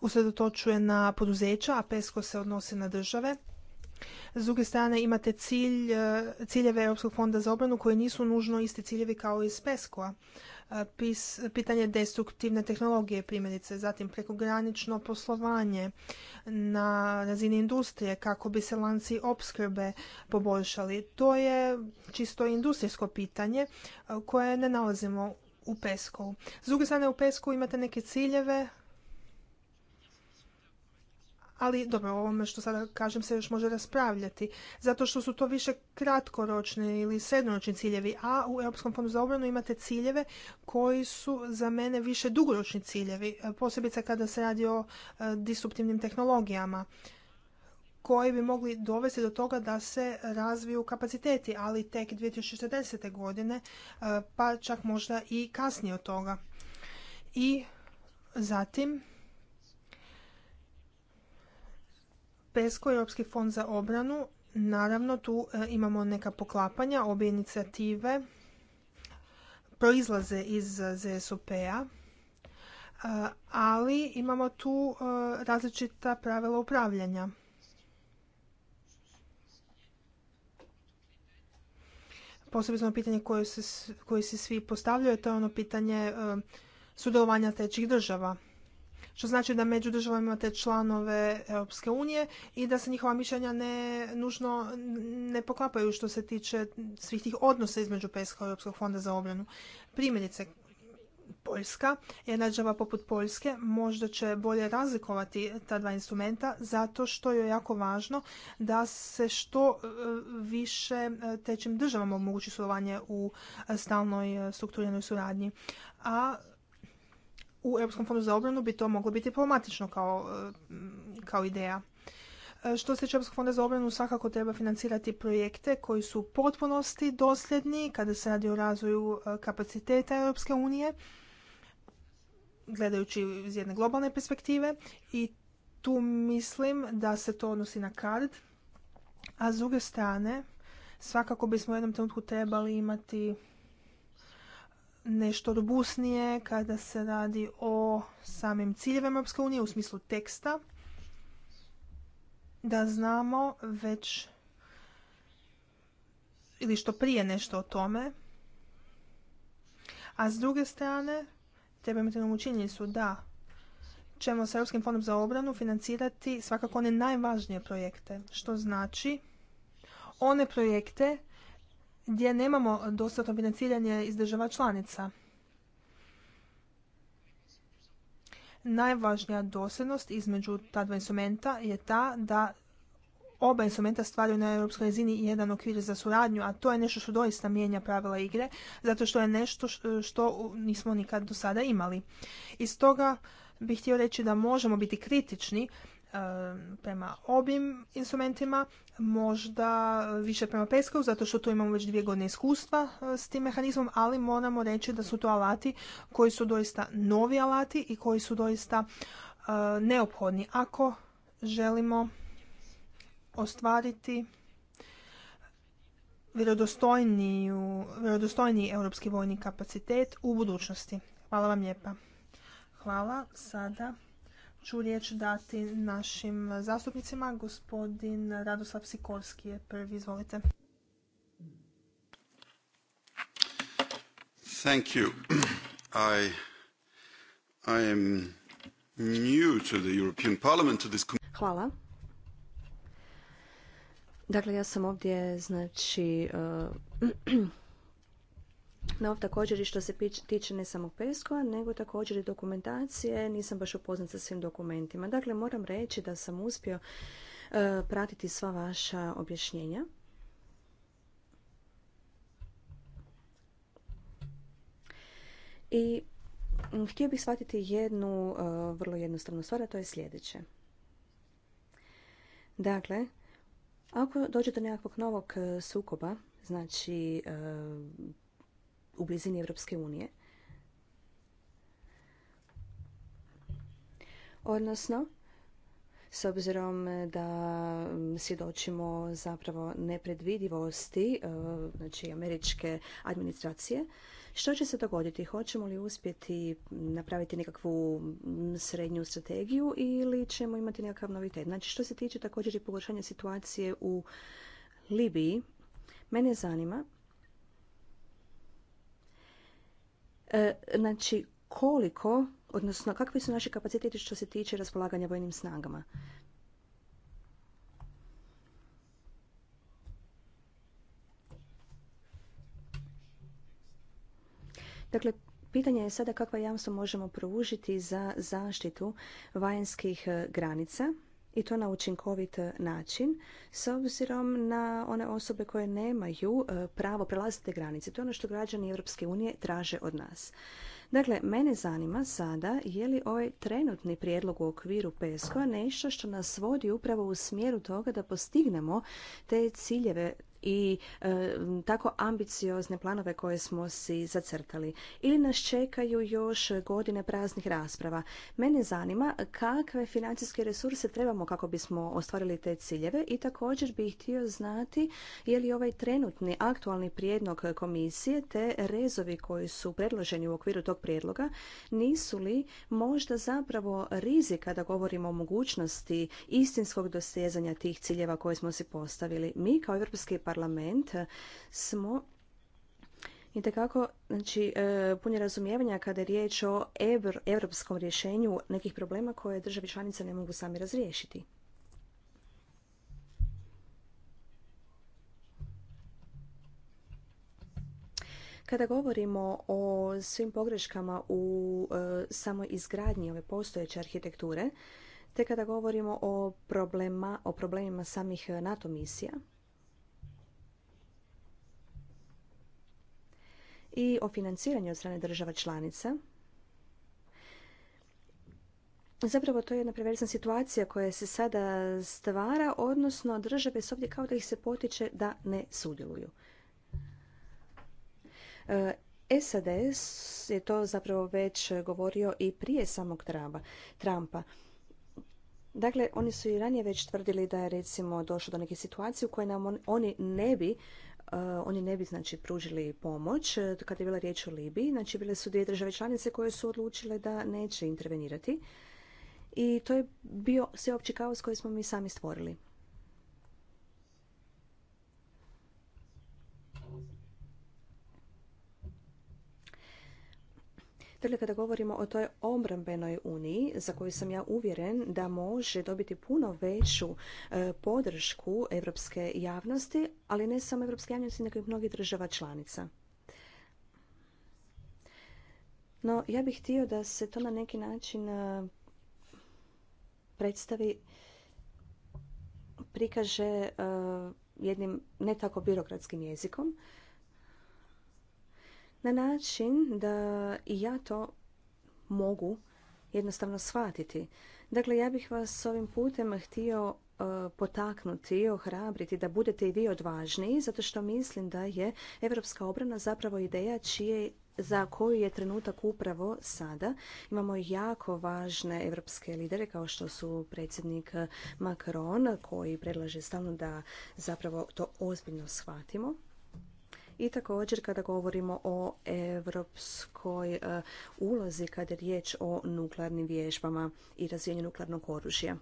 usredotočuje na poduzeća, a PESCO se odnosi na države. S druge strane imate cilj, eh, ciljeve Europskog fonda za obranu koji nisu nužno isti ciljevi kao iz PESCO-a pitanje destruktivne tehnologije primjerice, zatim prekogranično poslovanje na razini industrije kako bi se lanci opskrbe poboljšali. To je čisto industrijsko pitanje koje ne nalazimo u Pesku. S druge strane u Pesku imate neke ciljeve ali dobro, o ovome što sada kažem se još može raspravljati, zato što su to više kratkoročni ili srednoročni ciljevi, a u Europskom fondu za obranu imate ciljeve koji su za mene više dugoročni ciljevi, e, posebice kada se radi o e, disruptivnim tehnologijama koji bi mogli dovesti do toga da se razviju kapaciteti, ali tek 2040. godine, e, pa čak možda i kasnije od toga. I zatim, PESCO, Europski fond za obranu, naravno tu e, imamo neka poklapanja, obje inicijative proizlaze iz ZSOP-a, e, ali imamo tu e, različita pravila upravljanja. Posebno pitanje koje se, se svi postavljaju, to je ono pitanje sudjelovanja trećih država što znači da među državama imate članove Europske unije i da se njihova mišljenja ne nužno ne poklapaju što se tiče svih tih odnosa između Peska i Europskog fonda za obranu. Primjerice, Poljska, jedna država poput Poljske možda će bolje razlikovati ta dva instrumenta zato što je jako važno da se što e, više e, tečim državama omogući sudovanje u e, stalnoj strukturiranoj suradnji. A u Europskom fondu za obranu bi to moglo biti problematično kao, e, kao ideja. E, što se tiče Europskog fonda za obranu, svakako treba financirati projekte koji su u potpunosti dosljedni kada se radi o razvoju e, kapaciteta Europske unije, gledajući iz jedne globalne perspektive i tu mislim da se to odnosi na kard. a s druge strane svakako bismo u jednom trenutku trebali imati nešto robusnije kada se radi o samim ciljevima Europske unije u smislu teksta, da znamo već ili što prije nešto o tome. A s druge strane, treba imati na činjenicu da ćemo s Europskim fondom za obranu financirati svakako one najvažnije projekte, što znači one projekte gdje nemamo dostatno financiranje iz država članica. Najvažnija dosljednost između ta dva instrumenta je ta da oba instrumenta stvaraju na europskoj razini jedan okvir za suradnju, a to je nešto što doista mijenja pravila igre, zato što je nešto što nismo nikad do sada imali. Iz stoga bih htio reći da možemo biti kritični prema obim instrumentima, možda više prema peskov, zato što tu imamo već dvije godine iskustva e, s tim mehanizmom, ali moramo reći da su to alati koji su doista novi alati i koji su doista e, neophodni ako želimo ostvariti vjerodostojniji europski vojni kapacitet u budućnosti. Hvala vam lijepa. Hvala. Sada ću riječ dati našim zastupnicima. Gospodin Radoslav Sikorski je prvi, izvolite. Thank you. I, I am new to the European Parliament, to this... Hvala. Dakle, ja sam ovdje, znači, uh, no, također i što se tiče ne samo pesco nego također i dokumentacije, nisam baš upoznat sa svim dokumentima. Dakle, moram reći da sam uspio e, pratiti sva vaša objašnjenja. I htio bih shvatiti jednu e, vrlo jednostavnu stvar, a to je sljedeće. Dakle, ako dođe do nekakvog novog e, sukoba, znači u blizini Europske unije. Odnosno, s obzirom da svjedočimo zapravo nepredvidivosti e, znači američke administracije. Što će se dogoditi? Hoćemo li uspjeti napraviti nekakvu srednju strategiju ili ćemo imati nekakav novitet? Znači što se tiče također i pogoršanja situacije u Libiji, mene zanima E, znači, koliko, odnosno kakvi su naši kapaciteti što se tiče raspolaganja vojnim snagama? Dakle, pitanje je sada kakva jamstva možemo pružiti za zaštitu vanjskih e, granica i to na učinkovit e, način s obzirom na one osobe koje nemaju e, pravo prelaziti granice. To je ono što građani Europske unije traže od nas. Dakle, mene zanima sada je li ovaj trenutni prijedlog u okviru PESCO-a nešto što nas vodi upravo u smjeru toga da postignemo te ciljeve i e, tako ambiciozne planove koje smo si zacrtali. Ili nas čekaju još godine praznih rasprava. Mene zanima kakve financijske resurse trebamo kako bismo ostvarili te ciljeve i također bih htio znati je li ovaj trenutni aktualni prijedlog komisije te rezovi koji su predloženi u okviru tog prijedloga nisu li možda zapravo rizika da govorimo o mogućnosti istinskog dosezanja tih ciljeva koje smo si postavili. Mi kao Europski parlament parlament eh, smo i tekako znači, eh, puni razumijevanja kada je riječ o europskom rješenju nekih problema koje države članice ne mogu sami razriješiti. Kada govorimo o svim pogreškama u eh, samoj izgradnji ove postojeće arhitekture, te kada govorimo o, problema, o problemima samih NATO misija, i o financiranju od strane država članica. Zapravo to je jedna perverzna situacija koja se sada stvara, odnosno države su ovdje kao da ih se potiče da ne sudjeluju. E, SAD je to zapravo već govorio i prije samog Trumpa. Dakle, oni su i ranije već tvrdili da je recimo došlo do neke situacije u kojoj nam oni ne bi E, oni ne bi znači pružili pomoć. E, kad je bila riječ o Libiji, znači bile su dvije države članice koje su odlučile da neće intervenirati. I to je bio sveopći kaos koji smo mi sami stvorili. kada govorimo o toj obrambenoj uniji, za koju sam ja uvjeren da može dobiti puno veću e, podršku evropske javnosti, ali ne samo evropske javnosti, nego i mnogih država članica. No, ja bih htio da se to na neki način e, predstavi, prikaže e, jednim ne tako birokratskim jezikom, na način da i ja to mogu jednostavno shvatiti. Dakle, ja bih vas ovim putem htio e, potaknuti, ohrabriti da budete i vi odvažniji, zato što mislim da je evropska obrana zapravo ideja čije za koju je trenutak upravo sada. Imamo jako važne evropske lidere kao što su predsjednik Macron koji predlaže stalno da zapravo to ozbiljno shvatimo i također kada govorimo o europskoj e, ulozi kada je riječ o nuklearnim vježbama i razvijenju nuklearnog oružja.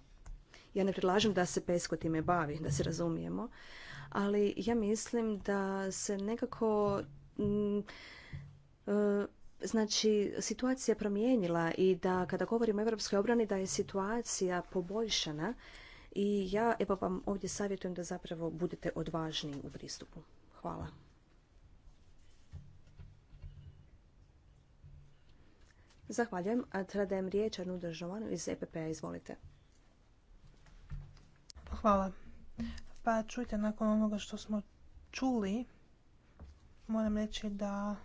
Ja ne predlažem da se pesko time bavi, da se razumijemo, ali ja mislim da se nekako mm, e, znači situacija promijenila i da kada govorimo o europskoj obrani da je situacija poboljšana i ja evo vam ovdje savjetujem da zapravo budete odvažniji u pristupu. Hvala. Zahvaljujem. A treba dajem Državanu iz EPP-a. Izvolite. Hvala. Pa čujte, nakon onoga što smo čuli, moram reći da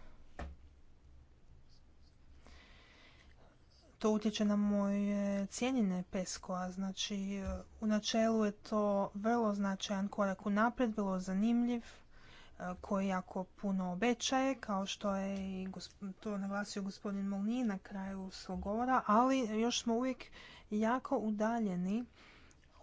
to utječe na moje cijenjene pesko. Znači, u načelu je to vrlo značajan korak u napred bilo zanimljiv koji jako puno obećaje, kao što je i to naglasio gospodin Molni na kraju svog govora, ali još smo uvijek jako udaljeni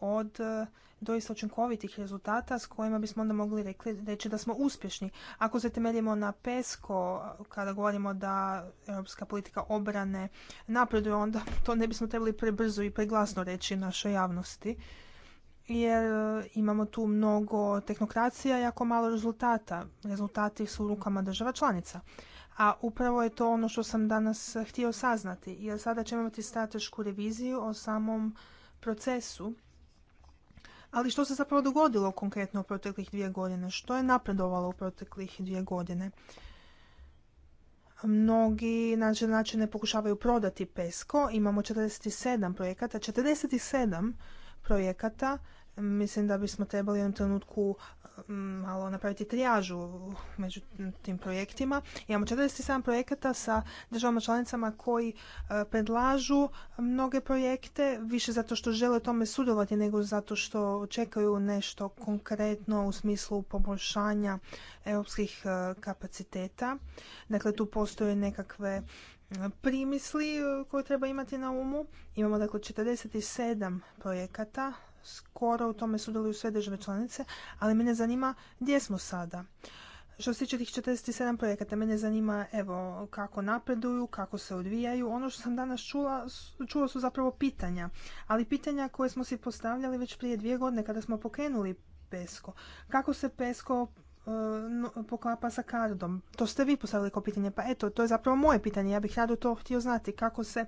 od e, doista učinkovitih rezultata s kojima bismo onda mogli reći da smo uspješni. Ako se temeljimo na PESCO, kada govorimo da europska politika obrane napreduje, onda to ne bismo trebali prebrzo i preglasno reći našoj javnosti jer e, imamo tu mnogo tehnokracija i jako malo rezultata. Rezultati su u rukama država članica. A upravo je to ono što sam danas htio saznati, jer sada ćemo imati stratešku reviziju o samom procesu. Ali što se zapravo dogodilo konkretno u proteklih dvije godine? Što je napredovalo u proteklih dvije godine? Mnogi na ne pokušavaju prodati PESCO. Imamo 47 projekata. 47 projekata, mislim da bismo trebali u jednom trenutku mm, malo napraviti trijažu među tim projektima. Imamo 47 projekata sa državama članicama koji e, predlažu mnoge projekte, više zato što žele tome sudovati nego zato što čekaju nešto konkretno u smislu poboljšanja europskih e, kapaciteta. Dakle, tu postoje nekakve primisli e, koje treba imati na umu. Imamo dakle 47 projekata, skoro u tome sudjeluju sve države članice, ali mene zanima gdje smo sada. Što se tiče tih 47 projekata, mene zanima evo, kako napreduju, kako se odvijaju. Ono što sam danas čula, su zapravo pitanja, ali pitanja koje smo si postavljali već prije dvije godine kada smo pokrenuli PESCO. Kako se PESCO E, poklapa sa kardom. To ste vi postavili kao pitanje. Pa eto, to je zapravo moje pitanje. Ja bih rado to htio znati. Kako se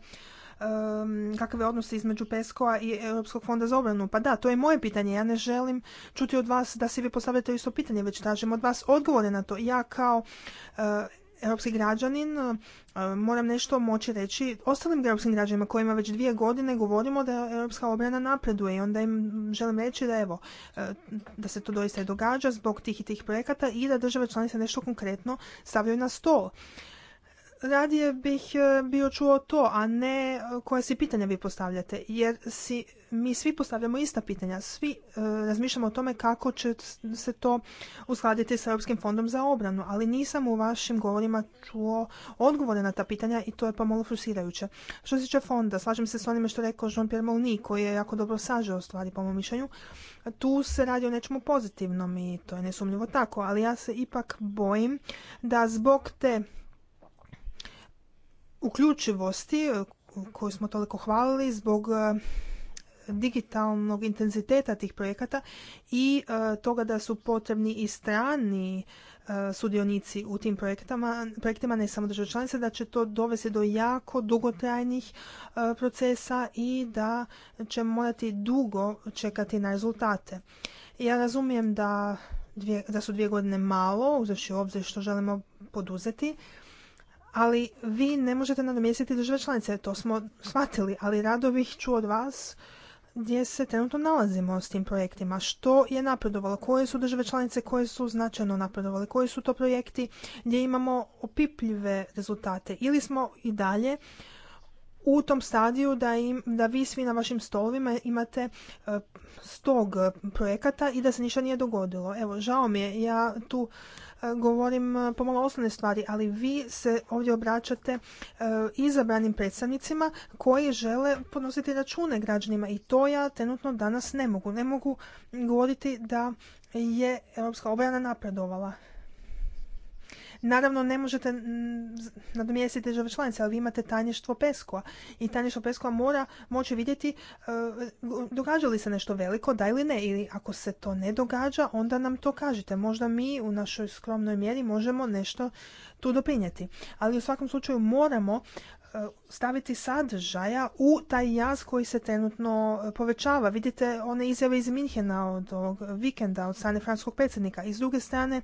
kakve odnose između pesco i Europskog fonda za obranu. Pa da, to je moje pitanje. Ja ne želim čuti od vas da se vi postavljate isto pitanje, već tražim od vas odgovore na to. Ja kao e, europski građanin, e, moram nešto moći reći ostalim europskim građanima kojima već dvije godine govorimo da europska obrana napreduje i onda im želim reći da evo, e, da se to doista i događa zbog tih i tih projekata i da države članice nešto konkretno stavljaju na stol radije bih e, bio čuo to, a ne e, koje si pitanja vi postavljate, jer si, mi svi postavljamo ista pitanja, svi e, razmišljamo o tome kako će se to uskladiti sa Europskim fondom za obranu, ali nisam u vašim govorima čuo odgovore na ta pitanja i to je malo frustrirajuće. Što se tiče fonda, slažem se s onime što je rekao Jean-Pierre Molny, koji je jako dobro sažao stvari po mom mišljenju. Tu se radi o nečemu pozitivnom i to je nesumljivo tako, ali ja se ipak bojim da zbog te uključivosti eh, koju smo toliko hvalili zbog eh, digitalnog intenziteta tih projekata i eh, toga da su potrebni i strani sudionici u tim projektama, projektima, ne samo države članice, da će to dovesti do jako dugotrajnih procesa i da će morati dugo čekati na rezultate. Ja razumijem da, da su dvije godine malo, uzevši u obzir što želimo poduzeti, ali vi ne možete nadomjestiti države članice, to smo shvatili, ali rado bih čuo od vas gdje se trenutno nalazimo s tim projektima, što je napredovalo, koje su države članice koje su značajno napredovale, koji su to projekti gdje imamo opipljive rezultate ili smo i dalje u tom stadiju da, im, da vi svi na vašim stolovima imate eh, stog projekata i da se ništa nije dogodilo. Evo, žao mi je, ja tu E, govorim e, pomalo osnovne stvari, ali vi se ovdje obraćate e, izabranim predstavnicima koji žele podnositi račune građanima i to ja trenutno danas ne mogu. Ne mogu govoriti da je europska obrana napredovala. Naravno, ne možete nadomjestiti države članice, ali vi imate tajništvo Peskova i tajništvo Peskova mora moći vidjeti e, događa li se nešto veliko, da ili ne, ili ako se to ne događa, onda nam to kažete. Možda mi u našoj skromnoj mjeri možemo nešto tu doprinijeti. Ali u svakom slučaju moramo staviti sadržaja u taj jaz koji se trenutno e, povećava. Vidite one izjave iz Minhena od ovog vikenda od strane francuskog predsjednika. I s druge strane e,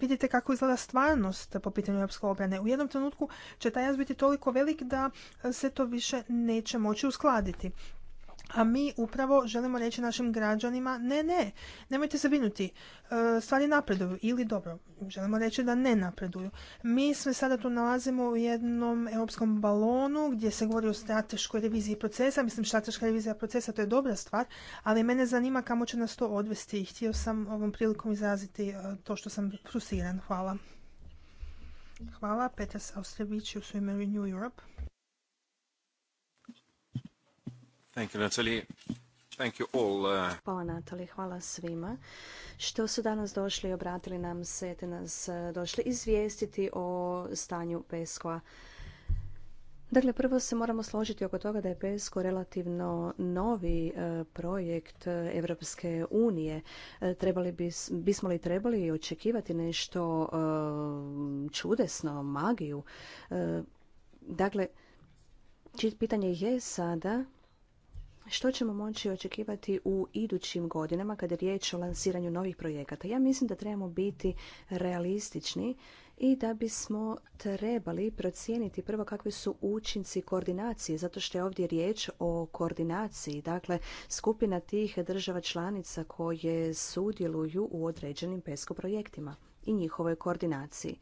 vidite kako izgleda stvarnost po pitanju europske obrane. U jednom trenutku će taj jaz biti toliko velik da se to više neće moći uskladiti. A mi upravo želimo reći našim građanima ne, ne, nemojte se vinuti, e, stvari napreduju ili dobro, želimo reći da ne napreduju. Mi sve sada tu nalazimo u jednom europskom balonu gdje se govori o strateškoj reviziji procesa, mislim strateška revizija procesa to je dobra stvar, ali mene zanima kamo će nas to odvesti i htio sam ovom prilikom izraziti e, to što sam frustriran. Hvala. Hvala, Petra u ime New Europe. Thank you, uh, Hvala Natali, hvala svima što su danas došli i obratili nam se, te nas uh, došli izvijestiti o stanju Peskova. Dakle, prvo se moramo složiti oko toga da je PESCO relativno novi uh, projekt Evropske unije. Trebali bismo li trebali očekivati nešto čudesno, magiju? Dakle, pitanje je sada što ćemo moći očekivati u idućim godinama kada je riječ o lansiranju novih projekata. Ja mislim da trebamo biti realistični i da bismo trebali procijeniti prvo kakvi su učinci koordinacije, zato što je ovdje riječ o koordinaciji, dakle skupina tih država članica koje sudjeluju u određenim PESCO projektima i njihovoj koordinaciji.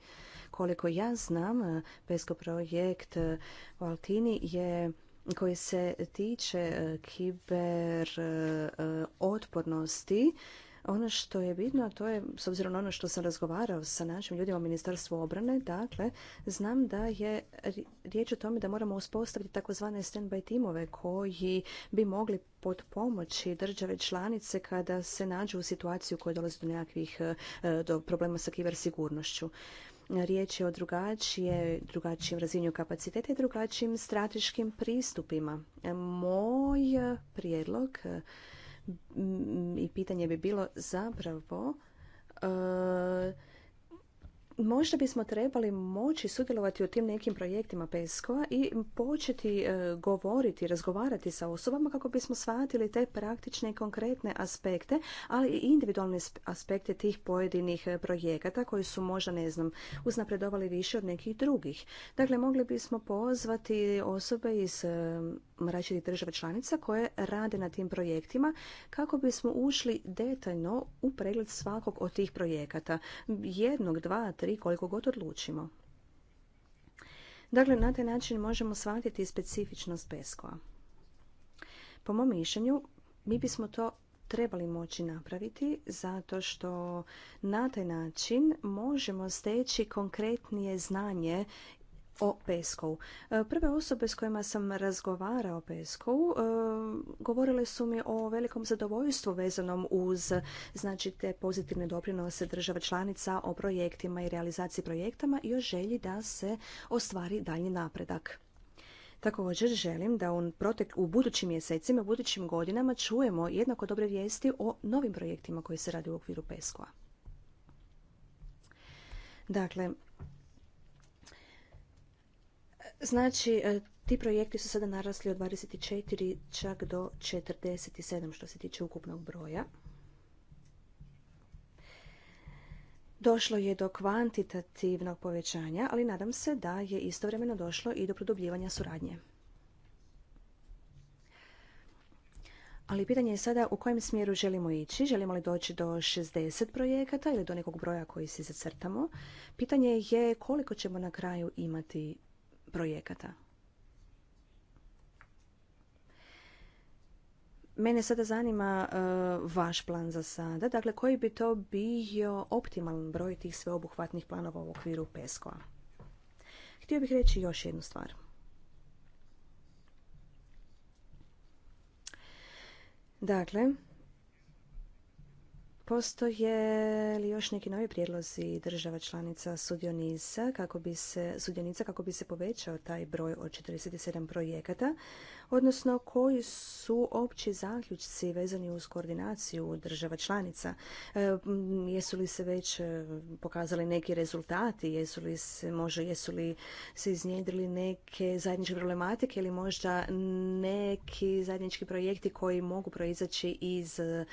Koliko ja znam, PESCO projekt Valtini je koji se tiče e, kiber e, e, otpornosti ono što je bitno, to je, s obzirom na ono što sam razgovarao sa našim ljudima u Ministarstvu obrane, dakle, znam da je riječ o tome da moramo uspostaviti takozvane stand-by timove koji bi mogli pod pomoći države članice kada se nađu u situaciju koja dolazi do nekakvih e, do problema sa kibersigurnošću riječ je o drugačije, drugačijem razinju kapaciteta i drugačijim strateškim pristupima. E, moj prijedlog Mm, i pitanje bi bilo zapravo e, možda bismo trebali moći sudjelovati u tim nekim projektima pesco i početi e, govoriti, razgovarati sa osobama kako bismo shvatili te praktične i konkretne aspekte, ali i individualne aspekte tih pojedinih e, projekata koji su možda, ne znam, uznapredovali više od nekih drugih. Dakle, mogli bismo pozvati osobe iz različitih država članica koje rade na tim projektima kako bismo ušli detaljno u pregled svakog od tih projekata. Jednog, dva, tri, koliko god odlučimo. Dakle, na taj način možemo shvatiti specifičnost PESCO-a. Po mom mišljenju, mi bismo to trebali moći napraviti zato što na taj način možemo steći konkretnije znanje o Peskovu. E, prve osobe s kojima sam razgovarao o Peskovu e, govorile su mi o velikom zadovoljstvu vezanom uz znači, te pozitivne doprinose država članica o projektima i realizaciji projektama i o želji da se ostvari dalji napredak. Također želim da u, protek, u budućim mjesecima, u budućim godinama čujemo jednako dobre vijesti o novim projektima koji se rade u okviru Peskova. Dakle, Znači, e, ti projekti su sada narasli od 24 čak do 47 što se tiče ukupnog broja. Došlo je do kvantitativnog povećanja, ali nadam se da je istovremeno došlo i do produbljivanja suradnje. Ali pitanje je sada u kojem smjeru želimo ići. Želimo li doći do 60 projekata ili do nekog broja koji si zacrtamo. Pitanje je koliko ćemo na kraju imati projekata. Mene sada zanima e, vaš plan za sada. Dakle, koji bi to bio optimalan broj tih sveobuhvatnih planova u okviru PESCO-a? Htio bih reći još jednu stvar. Dakle, Postoje li još neki novi prijedlozi država članica sudionica kako bi se, sudionica kako bi se povećao taj broj od 47 projekata? odnosno koji su opći zaključci vezani uz koordinaciju država članica. E, jesu li se već e, pokazali neki rezultati, jesu li se, može, jesu li se iznjedrili neke zajedničke problematike ili možda neki zajednički projekti koji mogu proizaći iz e,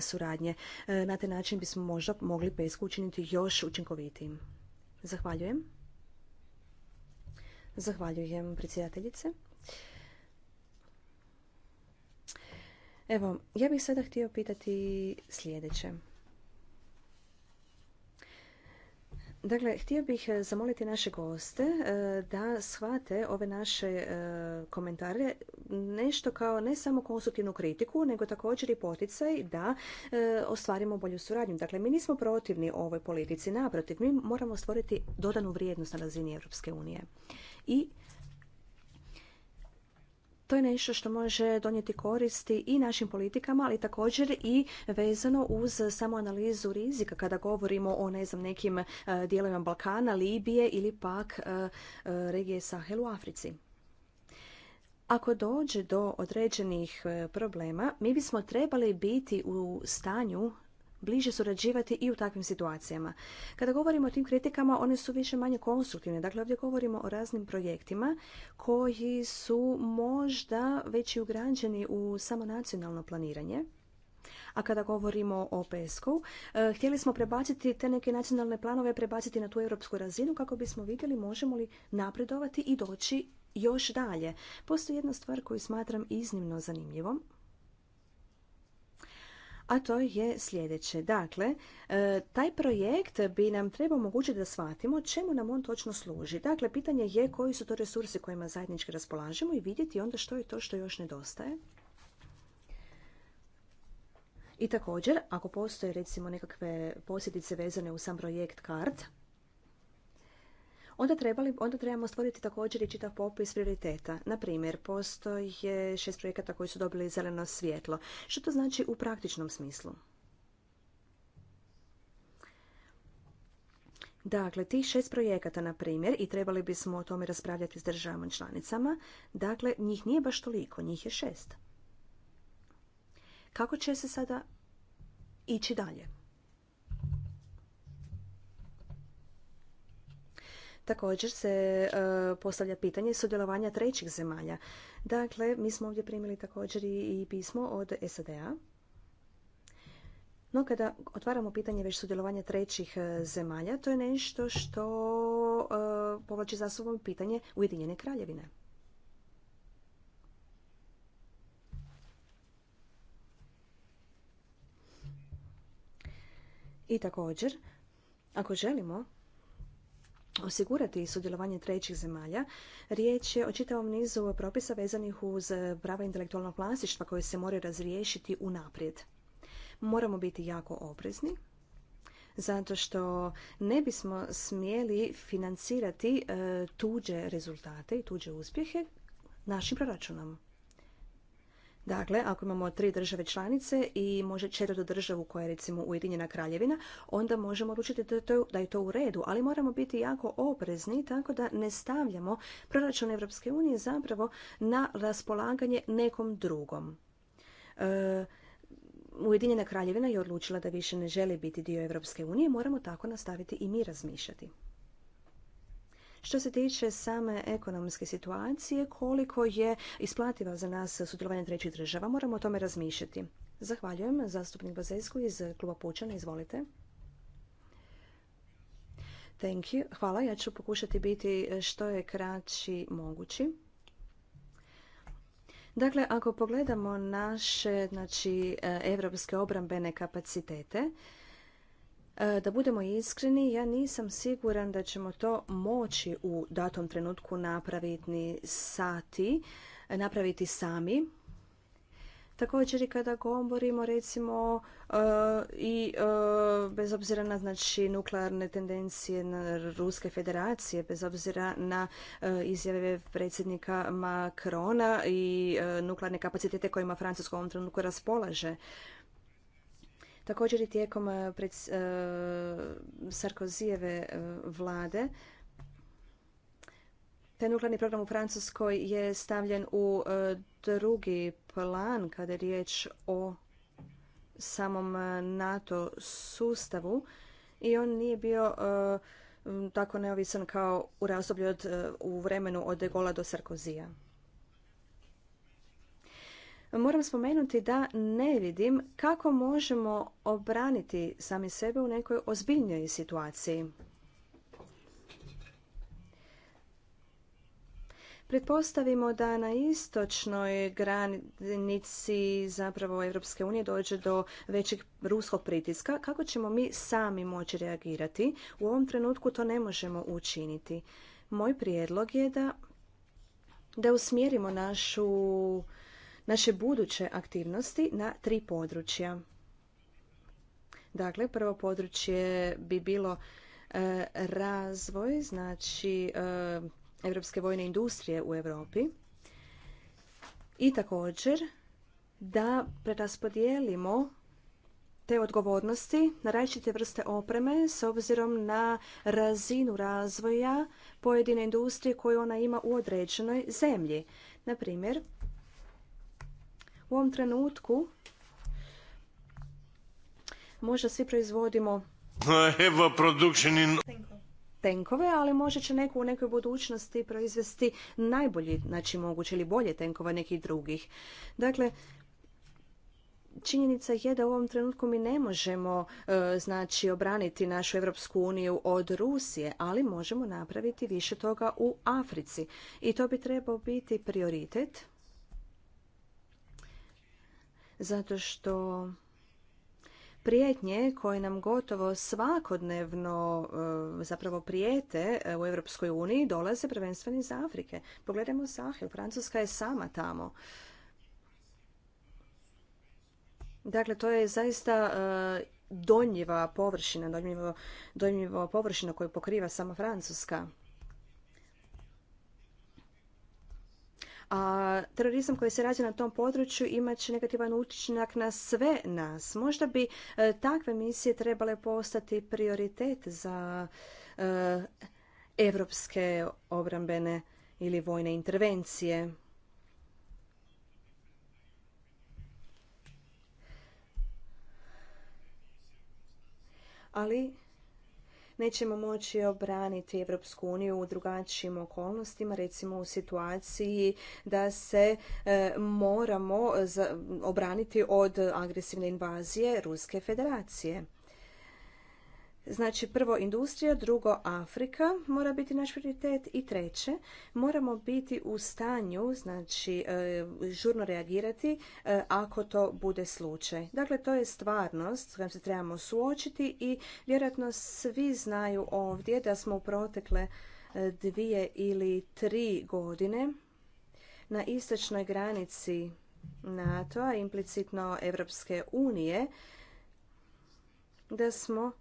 suradnje. Na taj način bismo možda mogli pesku učiniti još učinkovitijim. Zahvaljujem. Zahvaljujem predsjedateljice. Evo, ja bih sada htio pitati sljedeće. Dakle, htio bih eh, zamoliti naše goste eh, da shvate ove naše eh, komentare nešto kao ne samo konstruktivnu kritiku, nego također i poticaj da ostvarimo bolju suradnju. Dakle, mi nismo protivni ovoj politici, naprotiv, mi moramo stvoriti dodanu vrijednost na razini Europske unije. I to je nešto što može donijeti koristi i našim politikama, ali također i vezano uz samo analizu rizika kada govorimo o ne znam nekim e, dijelovima Balkana, Libije ili pak e, e, regije Sahel u Africi. Ako dođe do određenih problema, mi bismo trebali biti u stanju bliže surađivati i u takvim situacijama. Kada govorimo o tim kritikama, one su više manje konstruktivne. Dakle, ovdje govorimo o raznim projektima koji su možda već i ugrađeni u samo nacionalno planiranje. A kada govorimo o PESCO, htjeli smo prebaciti te neke nacionalne planove, prebaciti na tu europsku razinu kako bismo vidjeli možemo li napredovati i doći još dalje. Postoji jedna stvar koju smatram iznimno zanimljivom a to je sljedeće. Dakle, e, taj projekt bi nam trebao omogućiti da shvatimo čemu nam on točno služi. Dakle, pitanje je koji su to resursi kojima zajednički raspolažemo i vidjeti onda što je to što još nedostaje. I također, ako postoje recimo nekakve posljedice vezane u sam projekt kart, onda, trebali, onda trebamo stvoriti također i čitav popis prioriteta. Na primjer, postoje šest projekata koji su dobili zeleno svjetlo. Što to znači u praktičnom smislu? Dakle, tih šest projekata, na primjer, i trebali bismo o tome raspravljati s državama članicama, dakle, njih nije baš toliko, njih je šest. Kako će se sada ići dalje? Također se e, postavlja pitanje sudjelovanja trećih zemalja. Dakle, mi smo ovdje primili također i pismo od SAD-a. No kada otvaramo pitanje već sudjelovanja trećih e, zemalja, to je nešto što e, povlači za sobom pitanje Ujedinjene kraljevine. I također, ako želimo osigurati sudjelovanje trećih zemalja. Riječ je o čitavom nizu propisa vezanih uz prava intelektualnog vlasništva koje se moraju razriješiti unaprijed. Moramo biti jako oprezni zato što ne bismo smjeli financirati e, tuđe rezultate i tuđe uspjehe našim proračunom. Dakle, ako imamo tri države članice i može četvrtu državu koja je recimo Ujedinjena kraljevina, onda možemo odlučiti da, to, da je to u redu, ali moramo biti jako oprezni tako da ne stavljamo proračun Europske unije zapravo na raspolaganje nekom drugom. E, Ujedinjena kraljevina je odlučila da više ne želi biti dio Europske unije, moramo tako nastaviti i mi razmišljati. Što se tiče same ekonomske situacije, koliko je isplativa za nas sudjelovanje trećih država, moramo o tome razmišljati. Zahvaljujem zastupnik Bazesku iz kluba Pučana, izvolite. Thank you. Hvala, ja ću pokušati biti što je kraći mogući. Dakle, ako pogledamo naše znači, e, evropske obrambene kapacitete, E, da budemo iskreni, ja nisam siguran da ćemo to moći u datom trenutku napraviti sati, napraviti sami. Također i kada govorimo recimo e, i e, bez obzira na znači nuklearne tendencije na Ruske federacije, bez obzira na izjave predsjednika Macrona i nuklearne kapacitete kojima Francuska u ovom trenutku raspolaže. Također i tijekom e, pred e, Sarkozijeve e, vlade taj nuklearni program u Francuskoj je stavljen u drugi plan kada je riječ o samom NATO sustavu i on nije bio tako neovisan kao u razdoblju od, u vremenu od De Gola do Sarkozija moram spomenuti da ne vidim kako možemo obraniti sami sebe u nekoj ozbiljnoj situaciji. Pretpostavimo da na istočnoj granici zapravo Europske unije dođe do većeg ruskog pritiska. Kako ćemo mi sami moći reagirati? U ovom trenutku to ne možemo učiniti. Moj prijedlog je da, da usmjerimo našu naše buduće aktivnosti na tri područja. Dakle, prvo područje bi bilo e, razvoj, znači e, evropske vojne industrije u Europi i također da preraspodijelimo te odgovornosti na različite vrste opreme s obzirom na razinu razvoja pojedine industrije koju ona ima u određenoj zemlji. Na primjer, u ovom trenutku možda svi proizvodimo <laughs> tenkove, ali možda će neko u nekoj budućnosti proizvesti najbolji, znači moguće ili bolje tenkova nekih drugih. Dakle, činjenica je da u ovom trenutku mi ne možemo e, znači obraniti našu Europsku uniju od Rusije, ali možemo napraviti više toga u Africi. I to bi trebao biti prioritet zato što prijetnje koje nam gotovo svakodnevno e, zapravo prijete e, u Europskoj uniji dolaze prvenstveno iz Afrike. Pogledajmo Sahel, Francuska je sama tamo. Dakle, to je zaista e, donjiva površina, donjiva površina koju pokriva sama Francuska. A terorizam koji se rađa na tom području imat će negativan učinak na sve nas. Možda bi e, takve misije trebale postati prioritet za e, evropske obrambene ili vojne intervencije. Ali nećemo moći obraniti Europsku uniju u drugačijim okolnostima, recimo u situaciji da se e, moramo obraniti od agresivne invazije Ruske federacije. Znači prvo industrija, drugo Afrika mora biti naš prioritet i treće moramo biti u stanju znači e, žurno reagirati e, ako to bude slučaj. Dakle to je stvarnost s kojom se trebamo suočiti i vjerojatno svi znaju ovdje da smo u protekle e, dvije ili tri godine na istočnoj granici NATO-a, implicitno Evropske unije, da smo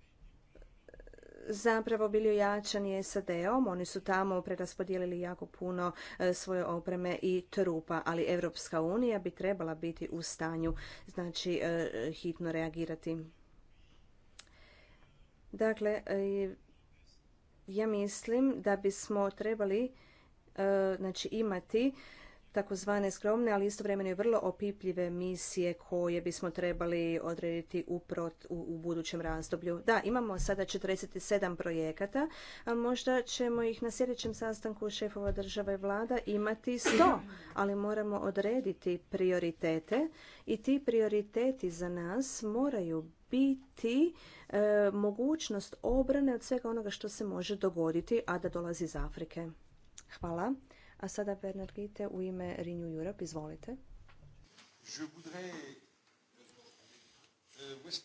zapravo bili ojačani SAD-om. Oni su tamo preraspodijelili jako puno e, svoje opreme i trupa, ali Europska unija bi trebala biti u stanju znači e, hitno reagirati. Dakle, e, ja mislim da bismo trebali znači imati takozvane skromne, ali istovremeno i vrlo opipljive misije koje bismo trebali odrediti u, u, budućem razdoblju. Da, imamo sada 47 projekata, a možda ćemo ih na sljedećem sastanku šefova država i vlada imati 100, ali moramo odrediti prioritete i ti prioriteti za nas moraju biti e, mogućnost obrane od svega onoga što se može dogoditi, a da dolazi iz Afrike. Hvala. A sada Bernard Gite u ime Renew Europe, izvolite. Je voudrais... Euh, euh où est-ce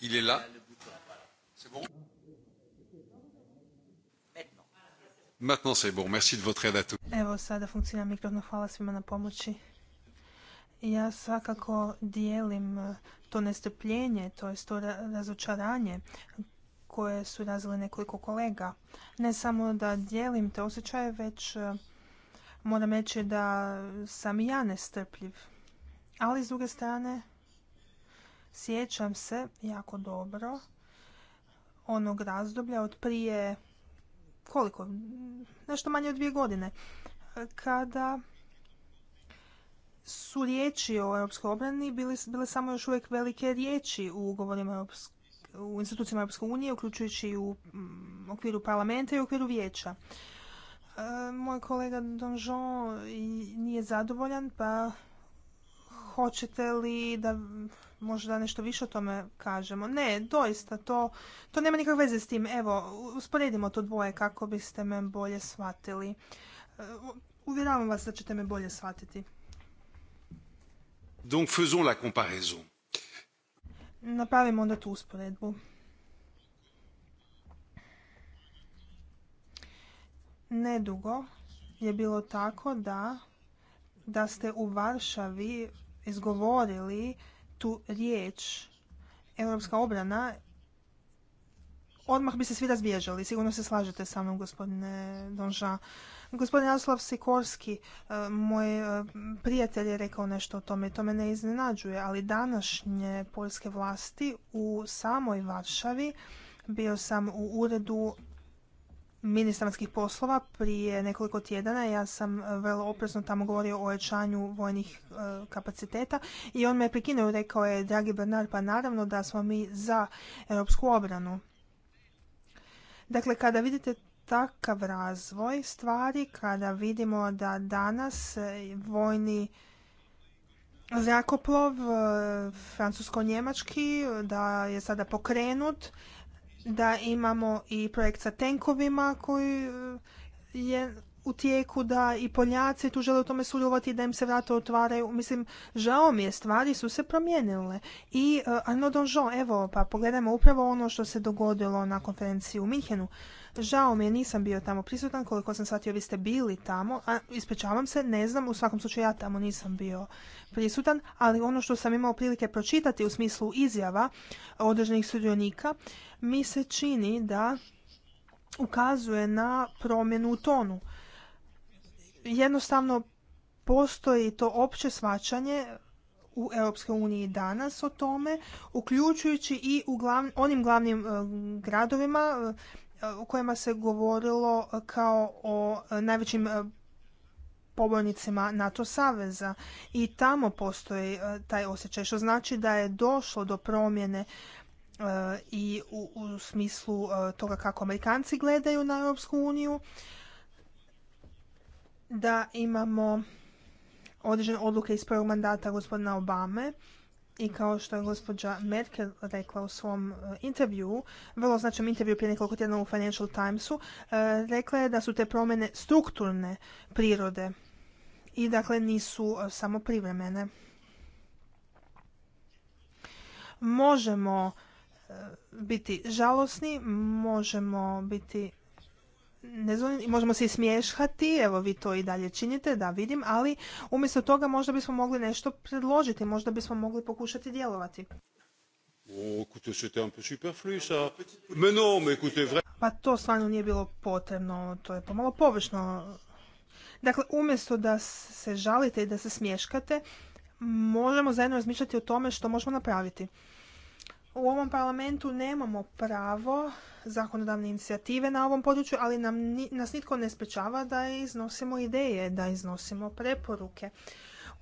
Il est là. C'est bon Maintenant Maintenant c'est bon. Merci de votre aide à tous. Evo sada funkcionira mikrofon. Hvala svima na pomoći. Ja svakako dijelim uh, to nestrpljenje, to je to razočaranje koje su razvili nekoliko kolega. Ne samo da dijelim te osjećaje, već e, moram reći da sam i ja nestrpljiv. Ali s druge strane, sjećam se jako dobro onog razdoblja od prije koliko? Nešto manje od dvije godine. Kada su riječi o europskoj obrani bile, bile samo još uvijek velike riječi u ugovorima europskoj u institucijama Europske unije, uključujući i u mm, okviru parlamenta i u okviru vijeća. E, moj kolega Donjon nije zadovoljan, pa hoćete li da možda nešto više o tome kažemo? Ne, doista, to, to nema nikakve veze s tim. Evo, usporedimo to dvoje kako biste me bolje shvatili. E, uvjeravam vas da ćete me bolje shvatiti. Donc faisons la comparaison napravimo onda tu usporedbu. Nedugo je bilo tako da, da ste u Varšavi izgovorili tu riječ europska obrana, odmah bi se svi razbježali. Sigurno se slažete sa mnom, gospodine Donža. Gospodin Jaroslav Sikorski, e, moj e, prijatelj je rekao nešto o tome i to me ne iznenađuje, ali današnje poljske vlasti u samoj Varšavi bio sam u uredu ministarskih poslova prije nekoliko tjedana. Ja sam vrlo oprezno tamo govorio o ojačanju vojnih e, kapaciteta i on me je prekinuo i rekao je, dragi Bernard, pa naravno da smo mi za europsku obranu. Dakle, kada vidite takav razvoj stvari kada vidimo da danas e, vojni zrakoplov e, francusko-njemački da je sada pokrenut, da imamo i projekt sa tenkovima koji e, je u tijeku da i Poljaci tu žele u tome sudjelovati da im se vrata otvaraju. Mislim, žao mi je, stvari su se promijenile. I Arnaud Donjon, evo, pa pogledajmo upravo ono što se dogodilo na konferenciji u Minhenu. Žao mi je, nisam bio tamo prisutan, koliko sam shvatio vi ste bili tamo, a ispričavam se, ne znam, u svakom slučaju ja tamo nisam bio prisutan, ali ono što sam imao prilike pročitati u smislu izjava određenih sudionika, mi se čini da ukazuje na promjenu u tonu. Jednostavno postoji to opće shvaćanje u Europskoj uniji danas o tome, uključujući i u onim glavnim eh, gradovima u kojima se govorilo kao o najvećim e, pobornicima NATO saveza i tamo postoji e, taj osjećaj što znači da je došlo do promjene e, i u, u smislu toga kako Amerikanci gledaju na Europsku uniju da imamo određene odluke iz prvog mandata gospodina Obame i kao što je gospođa Merkel rekla u svom e, intervju, vrlo značajnom intervju prije nekoliko tjedna u Financial Timesu, e, rekla je da su te promjene strukturne prirode i dakle nisu e, samo privremene. Možemo biti žalosni, možemo biti Možemo se i smješhati, evo vi to i dalje činite, da vidim, ali umjesto toga možda bismo mogli nešto predložiti, možda bismo mogli pokušati djelovati. Pa to stvarno nije bilo potrebno, to je pomalo površno. Dakle, umjesto da se žalite i da se smješkate, možemo zajedno razmišljati o tome što možemo napraviti u ovom parlamentu nemamo pravo zakonodavne inicijative na ovom području, ali nam, nas nitko ne sprečava da iznosimo ideje, da iznosimo preporuke.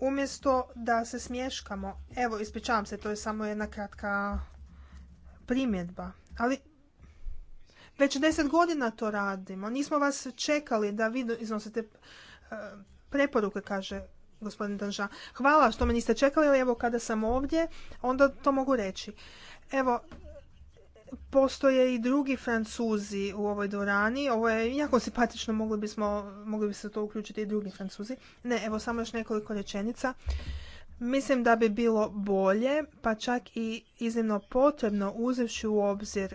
Umjesto da se smješkamo, evo, ispričavam se, to je samo jedna kratka primjedba, ali već deset godina to radimo. Nismo vas čekali da vi iznosite e, preporuke, kaže gospodin Danža. Hvala što me niste čekali, ali evo kada sam ovdje, onda to mogu reći. Evo, postoje i drugi francuzi u ovoj dvorani. Ovo je jako simpatično, mogli, bismo, mogli bi se to uključiti i drugi francuzi. Ne, evo samo još nekoliko rečenica. Mislim da bi bilo bolje, pa čak i iznimno potrebno uzevši u obzir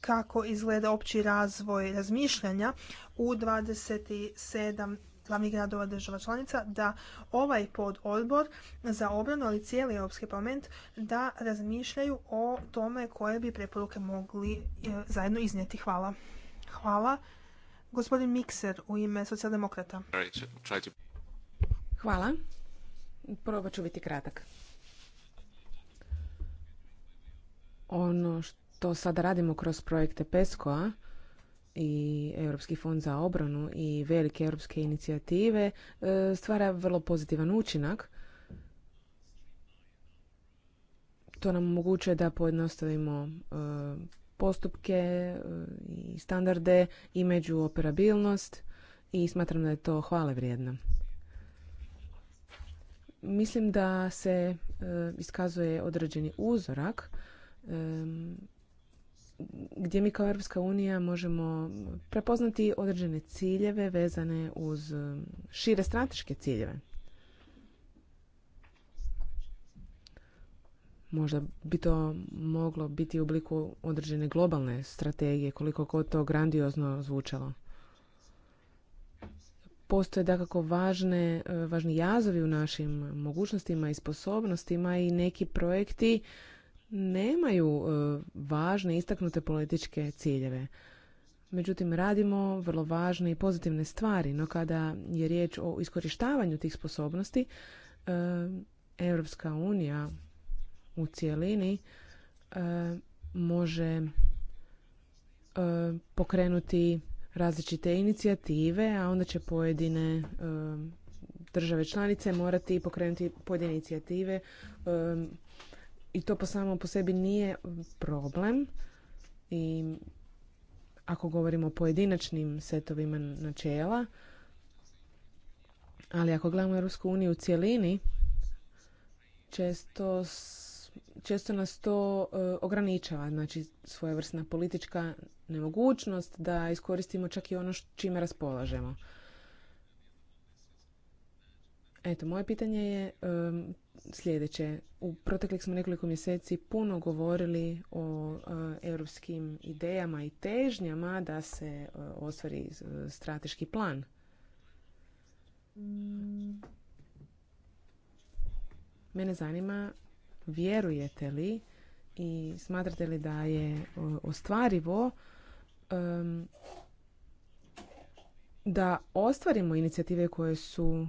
kako izgleda opći razvoj razmišljanja u 27 glavnih gradova država članica da ovaj pododbor za obranu, ali cijeli Europski parlament, da razmišljaju o tome koje bi preporuke mogli e, zajedno iznijeti. Hvala. Hvala. Gospodin Mikser u ime socijaldemokrata. Hvala. Probat ću biti kratak. Ono što sada radimo kroz projekte PESCO-a i Europski fond za obranu i velike europske inicijative e, stvara vrlo pozitivan učinak. To nam omogućuje da pojednostavimo e, postupke e, i standarde i međuoperabilnost i smatram da je to hvale vrijedno. Mislim da se iskazuje određeni uzorak gdje mi kao Europska unija možemo prepoznati određene ciljeve vezane uz um, šire strateške ciljeve. Možda bi to moglo biti u obliku određene globalne strategije, koliko god to grandiozno zvučalo. Postoje dakako važne, uh, važni jazovi u našim mogućnostima i sposobnostima i neki projekti nemaju e, važne istaknute političke ciljeve. Međutim, radimo vrlo važne i pozitivne stvari, no kada je riječ o iskorištavanju tih sposobnosti, e, Europska unija u cijelini e, može pokrenuti različite inicijative, a onda će pojedine države članice morati pokrenuti pojedine inicijative i to po samo po sebi nije problem i ako govorimo o pojedinačnim setovima načela, ali ako gledamo Europsku uniju u cjelini, često, često nas to e, ograničava, znači svojevrsna politička nemogućnost da iskoristimo čak i ono čime raspolažemo. Eto, moje pitanje je sljedeće. U proteklih smo nekoliko mjeseci puno govorili o e, europskim idejama i težnjama da se e, ostvari e, strateški plan. Mene zanima vjerujete li i smatrate li da je ostvarivo da ostvarimo inicijative koje su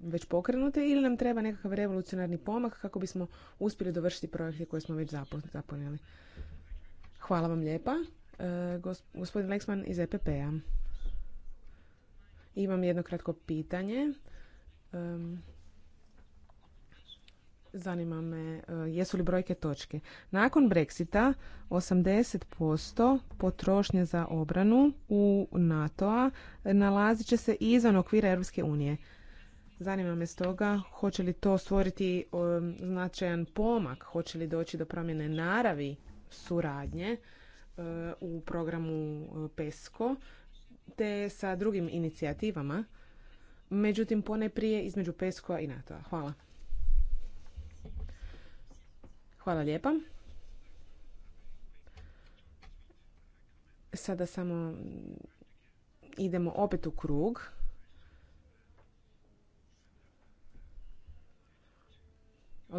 već pokrenute ili nam treba nekakav revolucionarni pomak kako bismo uspjeli dovršiti projekte koje smo već započeli. Hvala vam lijepa. E, gospodin Leksman iz EPP-a. Imam jedno kratko pitanje. E, zanima me, e, jesu li brojke točke? Nakon Brexita 80% potrošnje za obranu u NATO-a nalazit će se izvan okvira Europske unije. Zanima me stoga hoće li to stvoriti um, značajan pomak, hoće li doći do promjene naravi suradnje uh, u programu uh, PESCO te sa drugim inicijativama, međutim pone prije između PESCO-a i NATO-a. Hvala. Hvala lijepa. Sada samo idemo opet u krug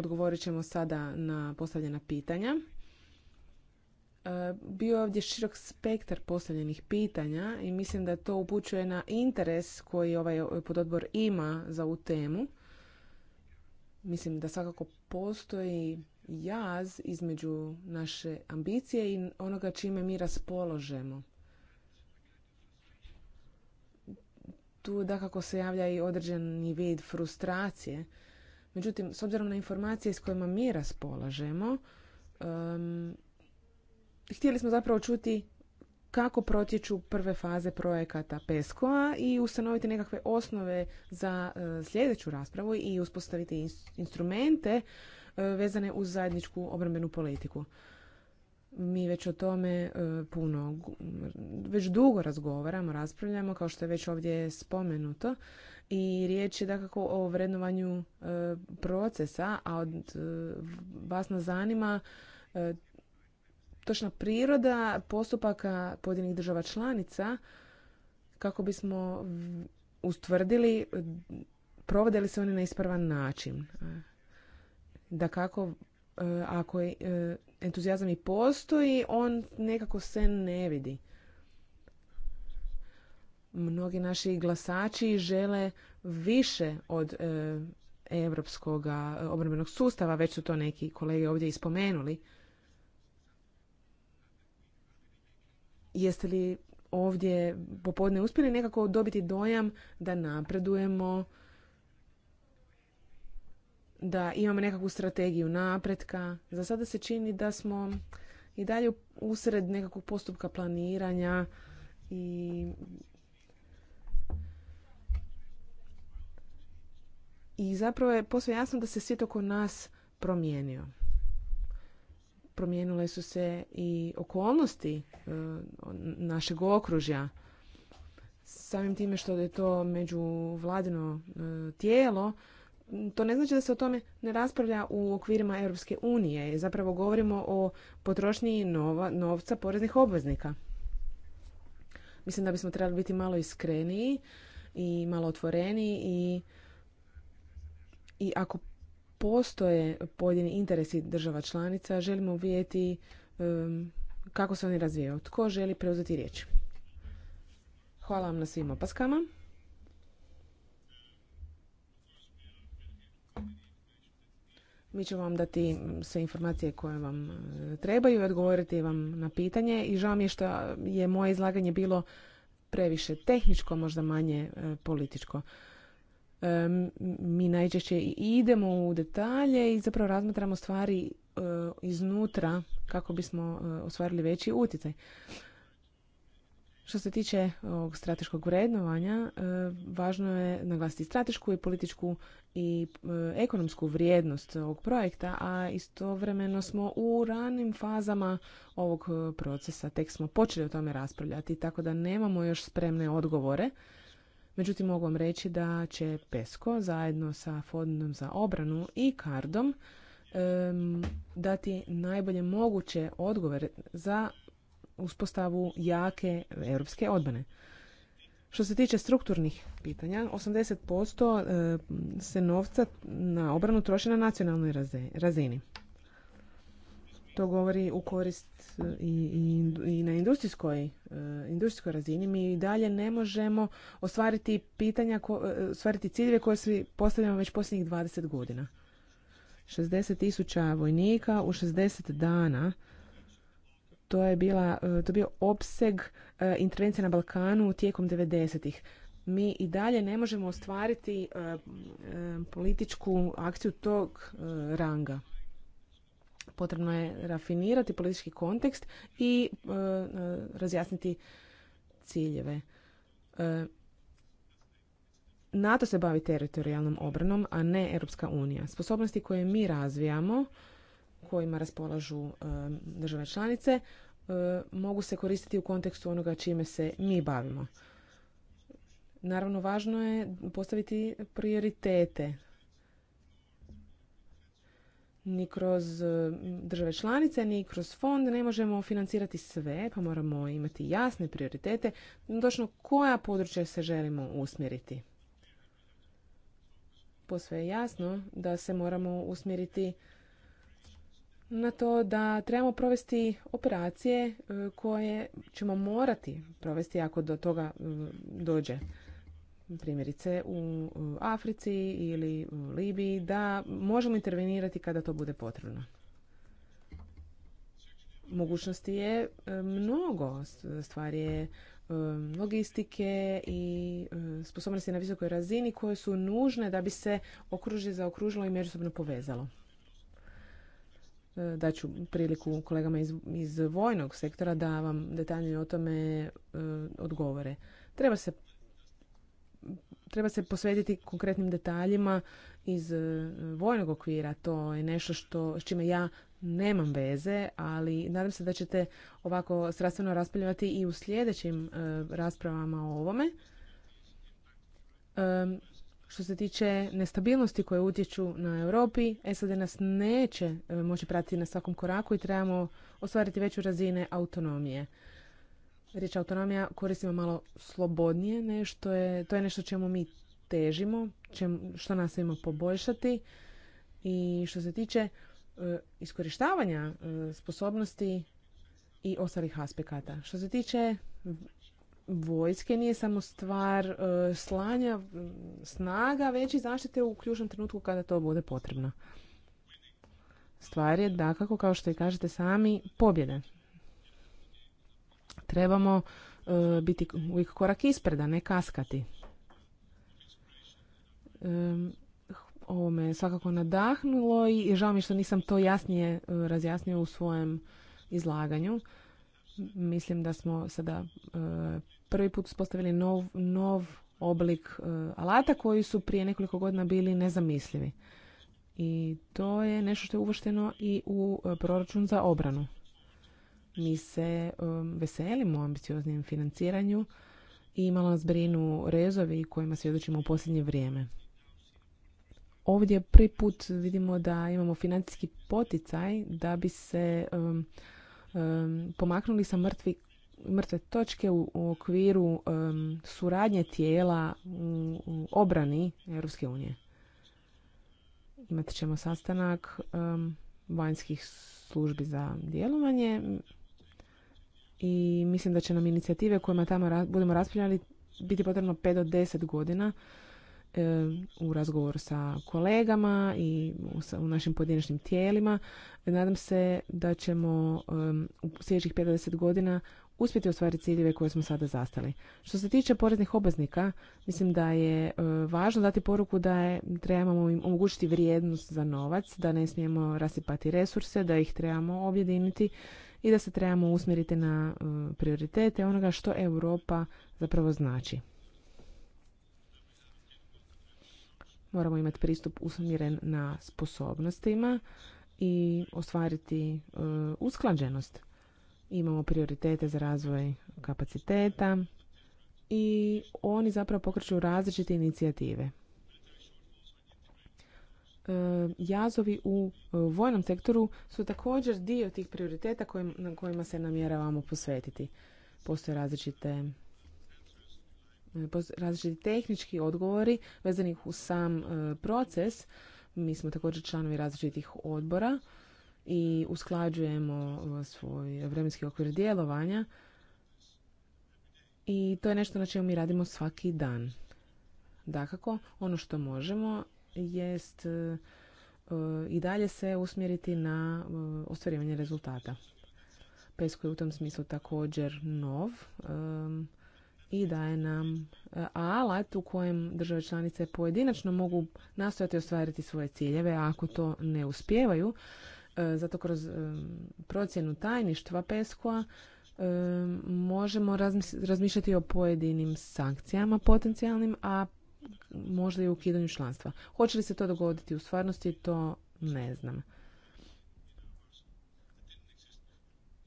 Odgovorit ćemo sada na postavljena pitanja. E, bio je ovdje širok spektar postavljenih pitanja i mislim da to upućuje na interes koji ovaj pododbor ima za ovu temu. Mislim da svakako postoji jaz između naše ambicije i onoga čime mi raspoložemo. Tu dakako se javlja i određeni vid frustracije Međutim, s obzirom na informacije s kojima mi raspolažemo, htjeli smo zapravo čuti kako protječu prve faze projekata PESCO-a i ustanoviti nekakve osnove za e, sljedeću raspravu i uspostaviti instrumente e, vezane uz zajedničku obrambenu politiku. Mi već o tome e, puno, već dugo razgovaramo, raspravljamo, kao što je već ovdje spomenuto i riječ je dakako o vrednovanju e, procesa, a od e, vas nas zanima e, točna priroda postupaka pojedinih država članica kako bismo ustvrdili provode li se oni na ispravan način. Da kako ako entuzijazam i postoji, on nekako se ne vidi mnogi naši glasači žele više od europskog e, obrambenog sustava, već su to neki kolege ovdje ispomenuli. Jeste li ovdje popodne uspjeli nekako dobiti dojam da napredujemo, da imamo nekakvu strategiju napretka. Za sada se čini da smo i dalje usred nekakvog postupka planiranja i I zapravo je posve jasno da se svijet oko nas promijenio. Promijenile su se i okolnosti e, našeg okružja. Samim time što je to među međuvladino e, tijelo, to ne znači da se o tome ne raspravlja u okvirima Europske unije. Zapravo govorimo o potrošnji novca poreznih obveznika. Mislim da bismo trebali biti malo iskreniji i malo otvoreniji i i ako postoje pojedini interesi država članica, želimo vidjeti kako se oni razvijaju. Tko želi preuzeti riječ? Hvala vam na svim opaskama. Mi ćemo vam dati sve informacije koje vam e, trebaju i odgovoriti vam na pitanje. I žao mi je što je moje izlaganje bilo previše tehničko, možda manje e, političko mi najčešće i idemo u detalje i zapravo razmatramo stvari e, iznutra kako bismo e, ostvarili veći utjecaj. Što se tiče ovog strateškog vrednovanja, e, važno je naglasiti stratešku i političku i ekonomsku vrijednost ovog projekta, a istovremeno smo u ranim fazama ovog procesa. Tek smo počeli o tome raspravljati, tako da nemamo još spremne odgovore Međutim, mogu vam reći da će PESCO zajedno sa Fondom za obranu i Kardom dati najbolje moguće odgovore za uspostavu jake europske odbane. Što se tiče strukturnih pitanja, 80% se novca na obranu troši na nacionalnoj razini to govori u korist e, i, i, i na industrijskoj, e, industrijskoj razini. Mi i dalje ne možemo ostvariti pitanja, e, ostvariti ciljeve koje svi postavljamo već posljednjih 20 godina. 60 tisuća vojnika u 60 dana to je bila, to bio opseg intervencije na Balkanu tijekom 90-ih. Mi i dalje ne možemo ostvariti političku akciju tog ranga. Potrebno je rafinirati politički kontekst i e, e, razjasniti ciljeve. E, NATO se bavi teritorijalnom obranom, a ne Europska unija. Sposobnosti koje mi razvijamo, kojima raspolažu države članice, mogu se koristiti u kontekstu onoga čime se mi bavimo. Naravno, važno je postaviti prioritete ni kroz e, države članice, ni kroz fond ne možemo financirati sve, pa moramo imati jasne prioritete, točno koja područja se želimo usmjeriti. Posve je jasno da se moramo usmjeriti na to da trebamo provesti operacije e, koje ćemo morati provesti ako do toga e, dođe primjerice u Africi ili u Libiji, da možemo intervenirati kada to bude potrebno. Mogućnosti je e, mnogo, stvar je e, logistike i e, sposobnosti na visokoj razini koje su nužne da bi se okružje zaokružilo i međusobno povezalo. Daću priliku kolegama iz, iz vojnog sektora da vam detaljnije o tome odgovore. Treba se treba se posvetiti konkretnim detaljima iz e, vojnog okvira. To je nešto što, s čime ja nemam veze, ali nadam se da ćete ovako strastveno raspravljati i u sljedećim e, raspravama o ovome. Što se tiče nestabilnosti koje utječu na Europi, SAD nas neće e, moći pratiti na svakom koraku i trebamo ostvariti veću razine autonomije riječ autonomija koristimo malo slobodnije nešto je to je nešto čemu mi težimo što nas ima poboljšati i što se tiče e, iskorištavanja e, sposobnosti i ostalih aspekata što se tiče vojske nije samo stvar e, slanja snaga već i zaštite u ključnom trenutku kada to bude potrebno stvar je dakako kao što i kažete sami pobjede trebamo e, biti uvijek korak ispred, a ne kaskati. E, ovo me svakako nadahnulo i žao mi što nisam to jasnije e, razjasnio u svojem izlaganju. Mislim da smo sada prvi put uspostavili nov, nov oblik alata koji su prije nekoliko godina bili nezamislivi. I to je nešto što je uvršteno i u proračun za obranu. Mi se um, veselimo ambicioznim financiranju i malo nas brinu rezovi kojima svjedočimo u posljednje vrijeme. Ovdje prvi put vidimo da imamo financijski poticaj da bi se um, um, pomaknuli sa mrtvi, mrtve točke u, okviru suradnje tijela u, obrani Europske unije. Imat ćemo sastanak vanjskih službi za djelovanje i mislim da će nam inicijative kojima tamo budemo raspravljali biti potrebno 5 do 10 godina e, u razgovoru sa kolegama i u, našim pojedinačnim tijelima. Nadam se da ćemo u sljedećih 5 do 10 godina uspjeti ostvariti ciljeve koje smo sada zastali. Što se tiče poreznih obveznika, mislim da je e, važno dati poruku da je, trebamo im omogućiti vrijednost za novac, da ne smijemo rasipati resurse, da ih trebamo objediniti i da se trebamo usmjeriti na e, prioritete onoga što Europa zapravo znači. Moramo imati pristup usmjeren na sposobnostima i ostvariti e, usklađenost. Imamo prioritete za razvoj kapaciteta i oni zapravo pokreću različite inicijative. E, jazovi u e, vojnom sektoru su također dio tih prioriteta na kojima se namjeravamo posvetiti. Postoje različite e, različiti tehnički odgovori vezani u sam proces. Mi smo također članovi različitih odbora i usklađujemo svoj vremenski okvir djelovanja i to je nešto na čemu mi radimo svaki dan. Dakako, ono što možemo jest e, e, i dalje se usmjeriti na e, ostvarivanje rezultata. PESCO je u tom smislu također nov i daje nam alat u kojem države članice pojedinačno mogu nastojati ostvariti svoje ciljeve, a ako to ne uspijevaju, zato kroz procjenu tajništva pesco možemo razmišljati o pojedinim sankcijama potencijalnim, a možda i u ukidanju članstva. Hoće li se to dogoditi u stvarnosti, to ne znam.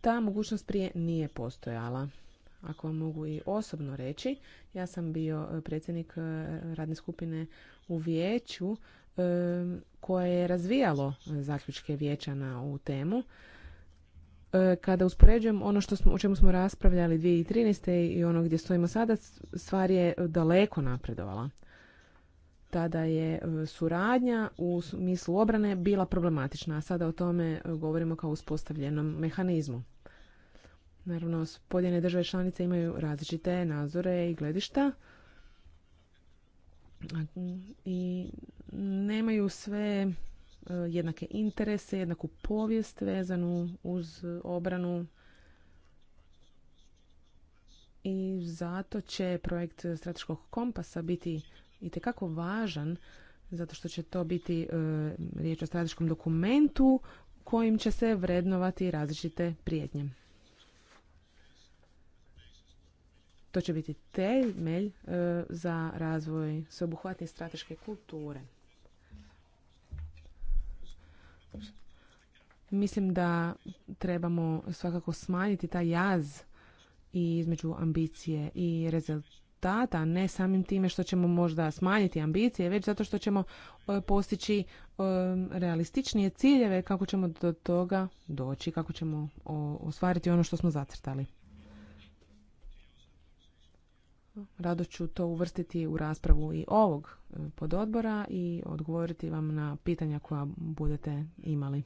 Ta mogućnost prije nije postojala. Ako vam mogu i osobno reći, ja sam bio e, predsjednik e, radne skupine u vijeću e, koje je razvijalo zaključke vijeća na ovu temu. Kada uspoređujem ono što smo, o čemu smo raspravljali 2013. i ono gdje stojimo sada, stvar je daleko napredovala tada je e, suradnja u smislu obrane bila problematična, a sada o tome e, govorimo kao uspostavljenom mehanizmu. Naravno, pojedine države članice imaju različite nazore i gledišta i nemaju sve e, jednake interese, jednaku povijest vezanu uz obranu i zato će projekt strateškog kompasa biti i tekako važan zato što će to biti e, riječ o strateškom dokumentu kojim će se vrednovati različite prijetnje. To će biti temelj e, za razvoj sveobuhvatne strateške kulture. Mislim da trebamo svakako smanjiti taj jaz između ambicije i rezultata, ne samim time što ćemo možda smanjiti ambicije, već zato što ćemo e, postići e, realističnije ciljeve kako ćemo do toga doći, kako ćemo ostvariti ono što smo zacrtali. Rado ću to uvrstiti u raspravu i ovog e, pododbora i odgovoriti vam na pitanja koja budete imali.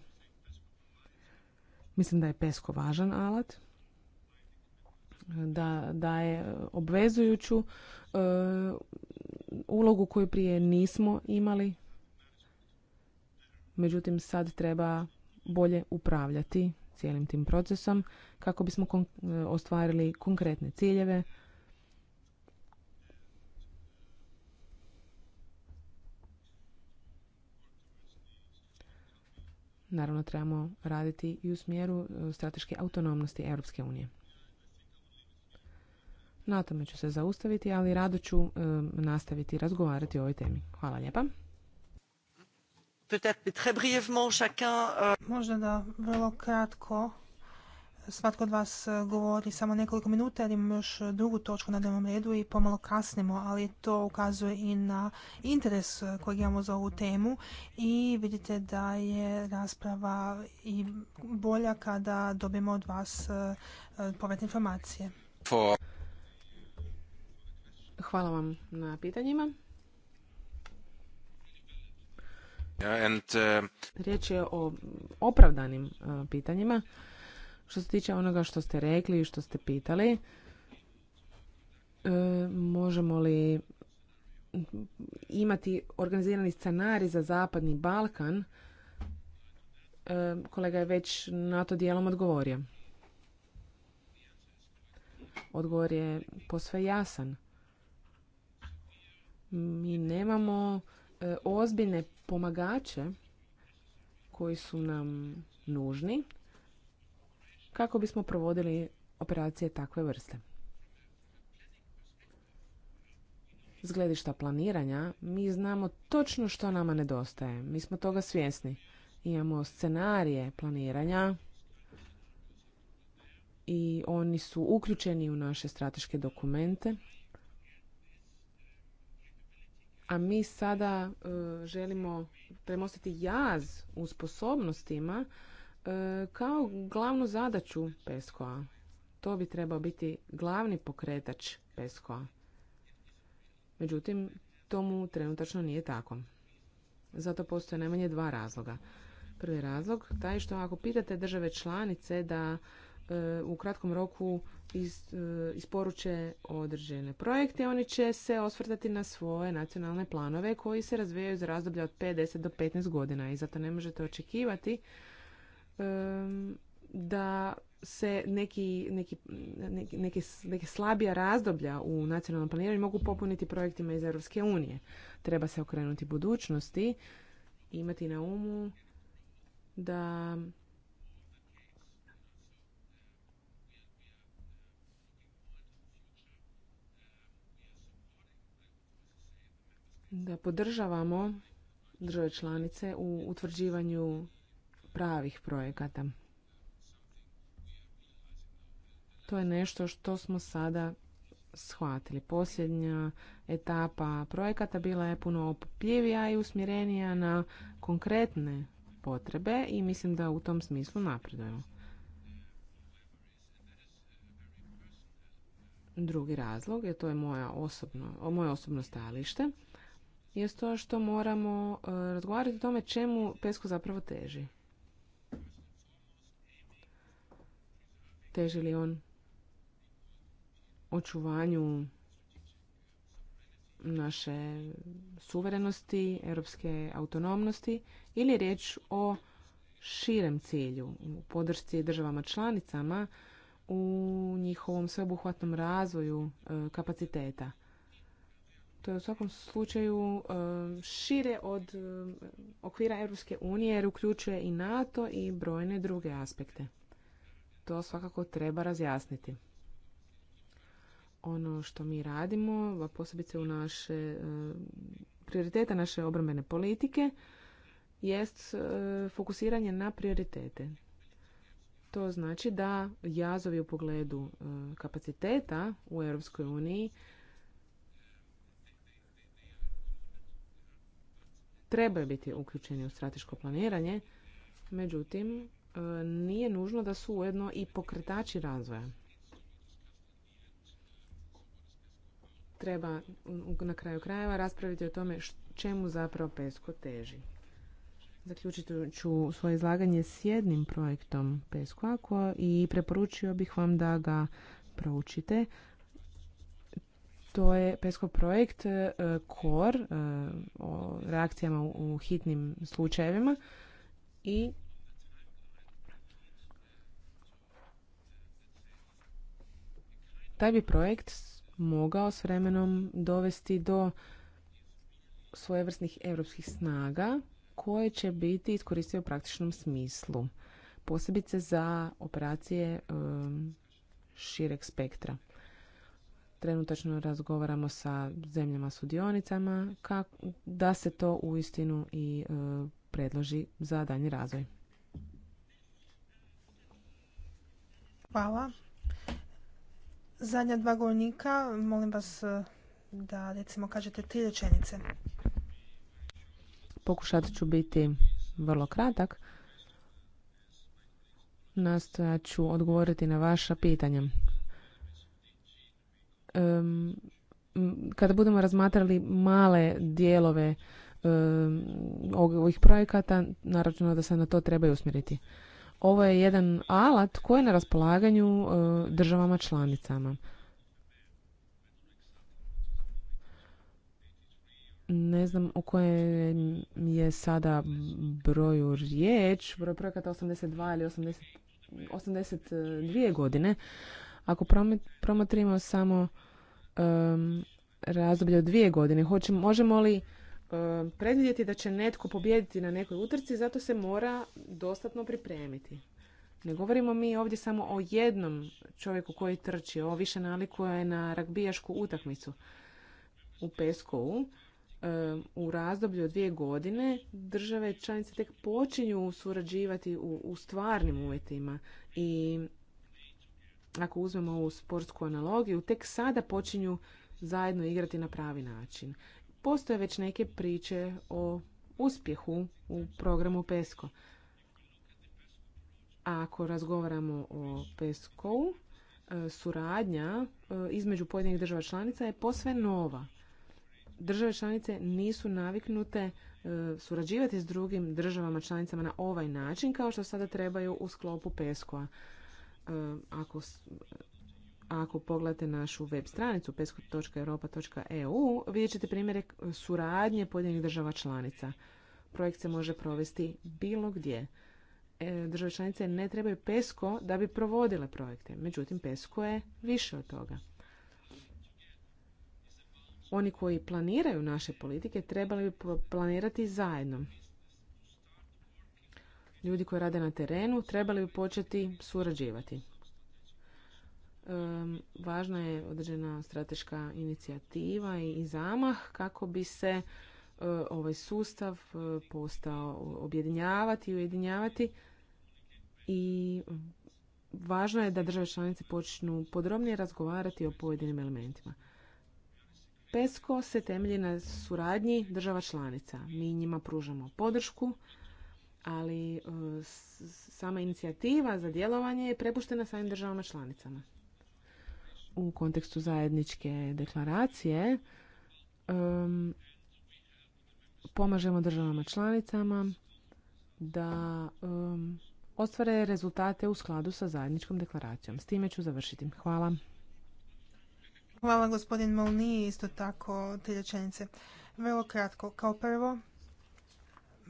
Mislim da je pesko važan alat da daje obvezujuću e, ulogu koju prije nismo imali. Međutim, sad treba bolje upravljati cijelim tim procesom kako bismo e, ostvarili konkretne ciljeve. Naravno, trebamo raditi i u smjeru e, strateške autonomnosti Europske unije. Na tome ću se zaustaviti, ali rado ću e, nastaviti razgovarati o ovoj temi. Hvala lijepa. Euh, Možda da vrlo kratko svatko od vas e, govori samo nekoliko minuta jer imamo još drugu točku na dnevnom redu i pomalo kasnimo, ali to ukazuje i na interes e, kojeg imamo za ovu temu i vidite da je rasprava i bolja kada dobijemo od vas povratne informacije. Hvala vam na pitanjima. Uh, Riječ je o opravdanim uh, pitanjima. Što se tiče onoga što ste rekli i što ste pitali, uh, možemo li imati organizirani scenarij za Zapadni Balkan, kolega je već na to dijelom odgovorio. Odgovor je posve jasan mi nemamo e, ozbiljne pomagače koji su nam nužni kako bismo provodili operacije takve vrste. S gledišta planiranja mi znamo točno što nama nedostaje. Mi smo toga svjesni. Imamo scenarije planiranja i oni su uključeni u naše strateške dokumente a mi sada e, želimo premostiti jaz u sposobnostima e, kao glavnu zadaću peskoa To bi trebao biti glavni pokretač peskoa Međutim, tomu trenutačno nije tako. Zato postoje najmanje dva razloga. Prvi razlog, taj što ako pitate države članice da u kratkom roku e, isporuče određene projekte. Oni će se osvrtati na svoje nacionalne planove koji se razvijaju za razdoblje od 50 do 15 godina i zato ne možete očekivati da se neki, neki, neke, neke slabija razdoblja u nacionalnom planiranju mogu popuniti projektima iz Europske unije. Treba se okrenuti budućnosti, imati na umu da da podržavamo države članice u utvrđivanju pravih projekata. To je nešto što smo sada shvatili. Posljednja etapa projekata bila je puno opljivija i usmjerenija na konkretne potrebe i mislim da u tom smislu napredujemo. Drugi razlog je to je moja osobno, moje osobno stajalište je to što moramo e, razgovarati o tome čemu pesko zapravo teži. Teži li on očuvanju naše suverenosti, europske autonomnosti ili je riječ o širem cilju u podršci državama članicama u njihovom sveobuhvatnom razvoju e, kapaciteta u svakom slučaju e, šire od e, okvira Europske unije jer uključuje i NATO i brojne druge aspekte. To svakako treba razjasniti. Ono što mi radimo, a posebice u naše e, prioriteta naše obrambene politike, jest fokusiranje na prioritete. To znači da jazovi u pogledu kapaciteta u Europskoj uniji trebaju biti uključeni u strateško planiranje, međutim, e, nije nužno da su ujedno i pokretači razvoja. Treba na kraju krajeva raspraviti o tome čemu zapravo PESCO teži. Zaključit ću svoje izlaganje s jednim projektom PESCO-a i preporučio bih vam da ga proučite, to je PESCO projekt e, KOR e, o reakcijama u hitnim slučajevima i taj bi projekt mogao s vremenom dovesti do svojevrsnih europskih snaga koje će biti iskoristive u praktičnom smislu, posebice za operacije e, šireg spektra trenutačno razgovaramo sa zemljama sudionicama kako, da se to uistinu i e, predloži za daljnji razvoj. Hvala. Zadnja dva govornika, molim vas e, da recimo kažete tri rečenice. Pokušat ću biti vrlo kratak. Nastojat ću odgovoriti na vaša pitanja kada budemo razmatrali male dijelove ovih projekata, naravno da se na to treba usmjeriti. Ovo je jedan alat koji je na raspolaganju e, državama članicama. Ne znam o kojem je sada broju riječ, broj projekata 82 ili 80, 82 godine. Ako promotrimo samo um, razdoblje od dvije godine. Hoće, možemo li predvidjeti da će netko pobijediti na nekoj utrci, zato se mora dostatno pripremiti. Ne govorimo mi ovdje samo o jednom čovjeku koji trči. Ovo više nalikuje na ragbijašku utakmicu u Peskovu. u razdoblju od dvije godine države članice tek počinju surađivati u stvarnim uvjetima i ako uzmemo ovu sportsku analogiju, tek sada počinju zajedno igrati na pravi način. Postoje već neke priče o uspjehu u programu PESCO. A ako razgovaramo o PESCO, e, suradnja e, između pojedinih država članica je posve nova. Države članice nisu naviknute e, surađivati s drugim državama članicama na ovaj način kao što sada trebaju u sklopu PESCO-a. E, ako ako pogledate našu web stranicu pesko.europa.eu vidjet ćete primjere suradnje pojedinih država članica. Projekt se može provesti bilo gdje. E, države članice ne trebaju PESCO da bi provodile projekte. Međutim, PESCO je više od toga. Oni koji planiraju naše politike trebali bi planirati zajedno ljudi koji rade na terenu trebali bi početi surađivati. Važna je određena strateška inicijativa i zamah kako bi se e, ovaj sustav e, postao objedinjavati i ujedinjavati i važno je da države članice počnu podrobnije razgovarati o pojedinim elementima. PESCO se temelji na suradnji država članica. Mi njima pružamo podršku, ali e, sama inicijativa za djelovanje je prepuštena samim državama članicama. U kontekstu zajedničke deklaracije e, pomažemo državama članicama da e, ostvare rezultate u skladu sa zajedničkom deklaracijom. S time ću završiti. Hvala. Hvala gospodin Molni, isto tako te rečenice. Vrlo kratko. Kao prvo,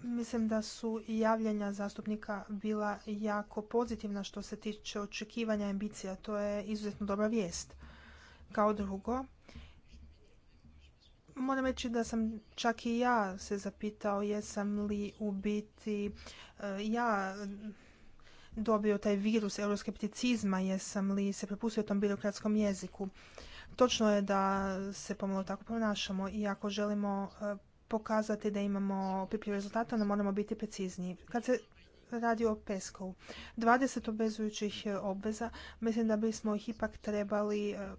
Mislim da su javljanja zastupnika bila jako pozitivna što se tiče očekivanja ambicija. To je izuzetno dobra vijest. Kao drugo, moram reći da sam čak i ja se zapitao jesam li u biti e, ja dobio taj virus euroskepticizma, jesam li se prepustio tom birokratskom jeziku. Točno je da se pomalo tako ponašamo i ako želimo e, pokazati da imamo pipljive rezultata, onda moramo biti precizniji. Kad se radi o Peskovu, e 20 obvezujućih obveza, mislim da bismo ih ipak trebali e,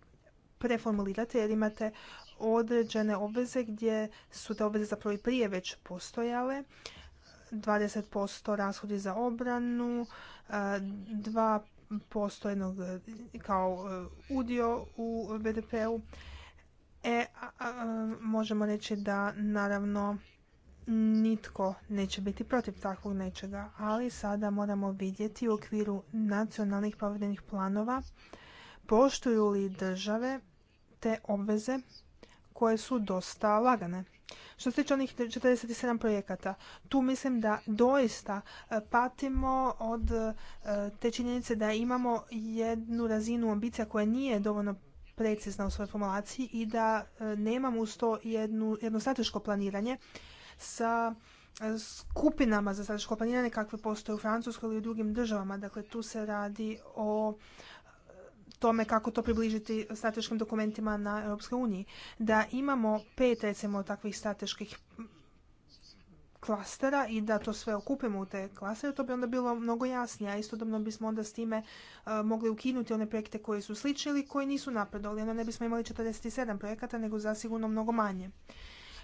preformulirati jer imate određene obveze gdje su te obveze zapravo i prije već postojale. 20% rashodi za obranu, 2% e, jednog kao udio u BDP-u. E, a, možemo reći da naravno nitko neće biti protiv takvog nečega, ali sada moramo vidjeti u okviru nacionalnih provedenih planova poštuju li države te obveze koje su dosta lagane. Što se tiče onih 47 projekata, tu mislim da doista e, patimo od e, te činjenice da imamo jednu razinu ambicija koja nije dovoljno precizna u svojoj formulaciji i da e, nemamo uz to jednu, jedno strateško planiranje sa e, skupinama za strateško planiranje kakve postoje u Francuskoj ili u drugim državama. Dakle, tu se radi o e, tome kako to približiti strateškim dokumentima na Europskoj uniji. Da imamo pet recimo takvih strateških klastera i da to sve okupimo u te klastere, to bi onda bilo mnogo jasnije, a istodobno bismo onda s time e, mogli ukinuti one projekte koji su sličili ili koji nisu napredovali, onda ne bismo imali 47 projekata, nego zasigurno mnogo manje.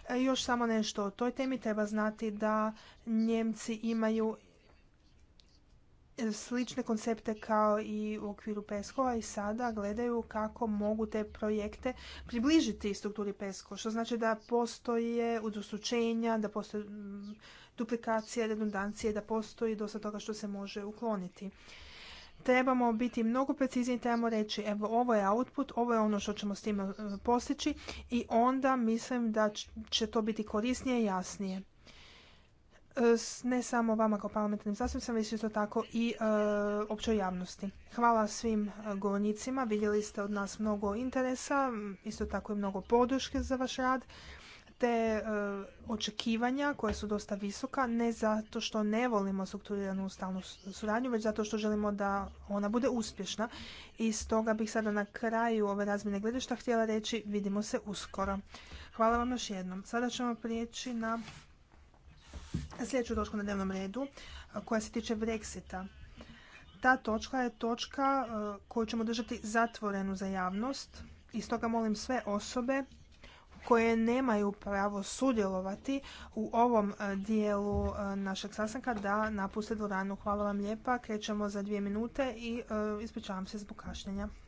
E, još samo nešto o toj temi treba znati da Njemci imaju slične koncepte kao i u okviru pesco i sada gledaju kako mogu te projekte približiti strukturi PESCO, što znači da postoje udostučenja, da postoje mm, duplikacije, redundancije, da postoji dosta toga što se može ukloniti. Trebamo biti mnogo precizniji, trebamo reći evo ovo je output, ovo je ono što ćemo s tim e, postići i onda mislim da će to biti korisnije i jasnije ne samo vama kao parlamentarnim zastupnicima, već isto tako i e, općoj javnosti. Hvala svim e, govornicima, vidjeli ste od nas mnogo interesa, isto tako i mnogo podrške za vaš rad, te e, očekivanja koja su dosta visoka, ne zato što ne volimo strukturiranu stalnu suradnju, već zato što želimo da ona bude uspješna. I stoga bih sada na kraju ove razmjene gledišta htjela reći vidimo se uskoro. Hvala vam još jednom. Sada ćemo prijeći na sljedeću točku na dnevnom redu koja se tiče Brexita. Ta točka je točka koju ćemo držati zatvorenu za javnost i stoga molim sve osobe koje nemaju pravo sudjelovati u ovom dijelu našeg sastanka da napuste dvoranu. Hvala vam lijepa. Krećemo za dvije minute i ispričavam se zbog kašnjenja.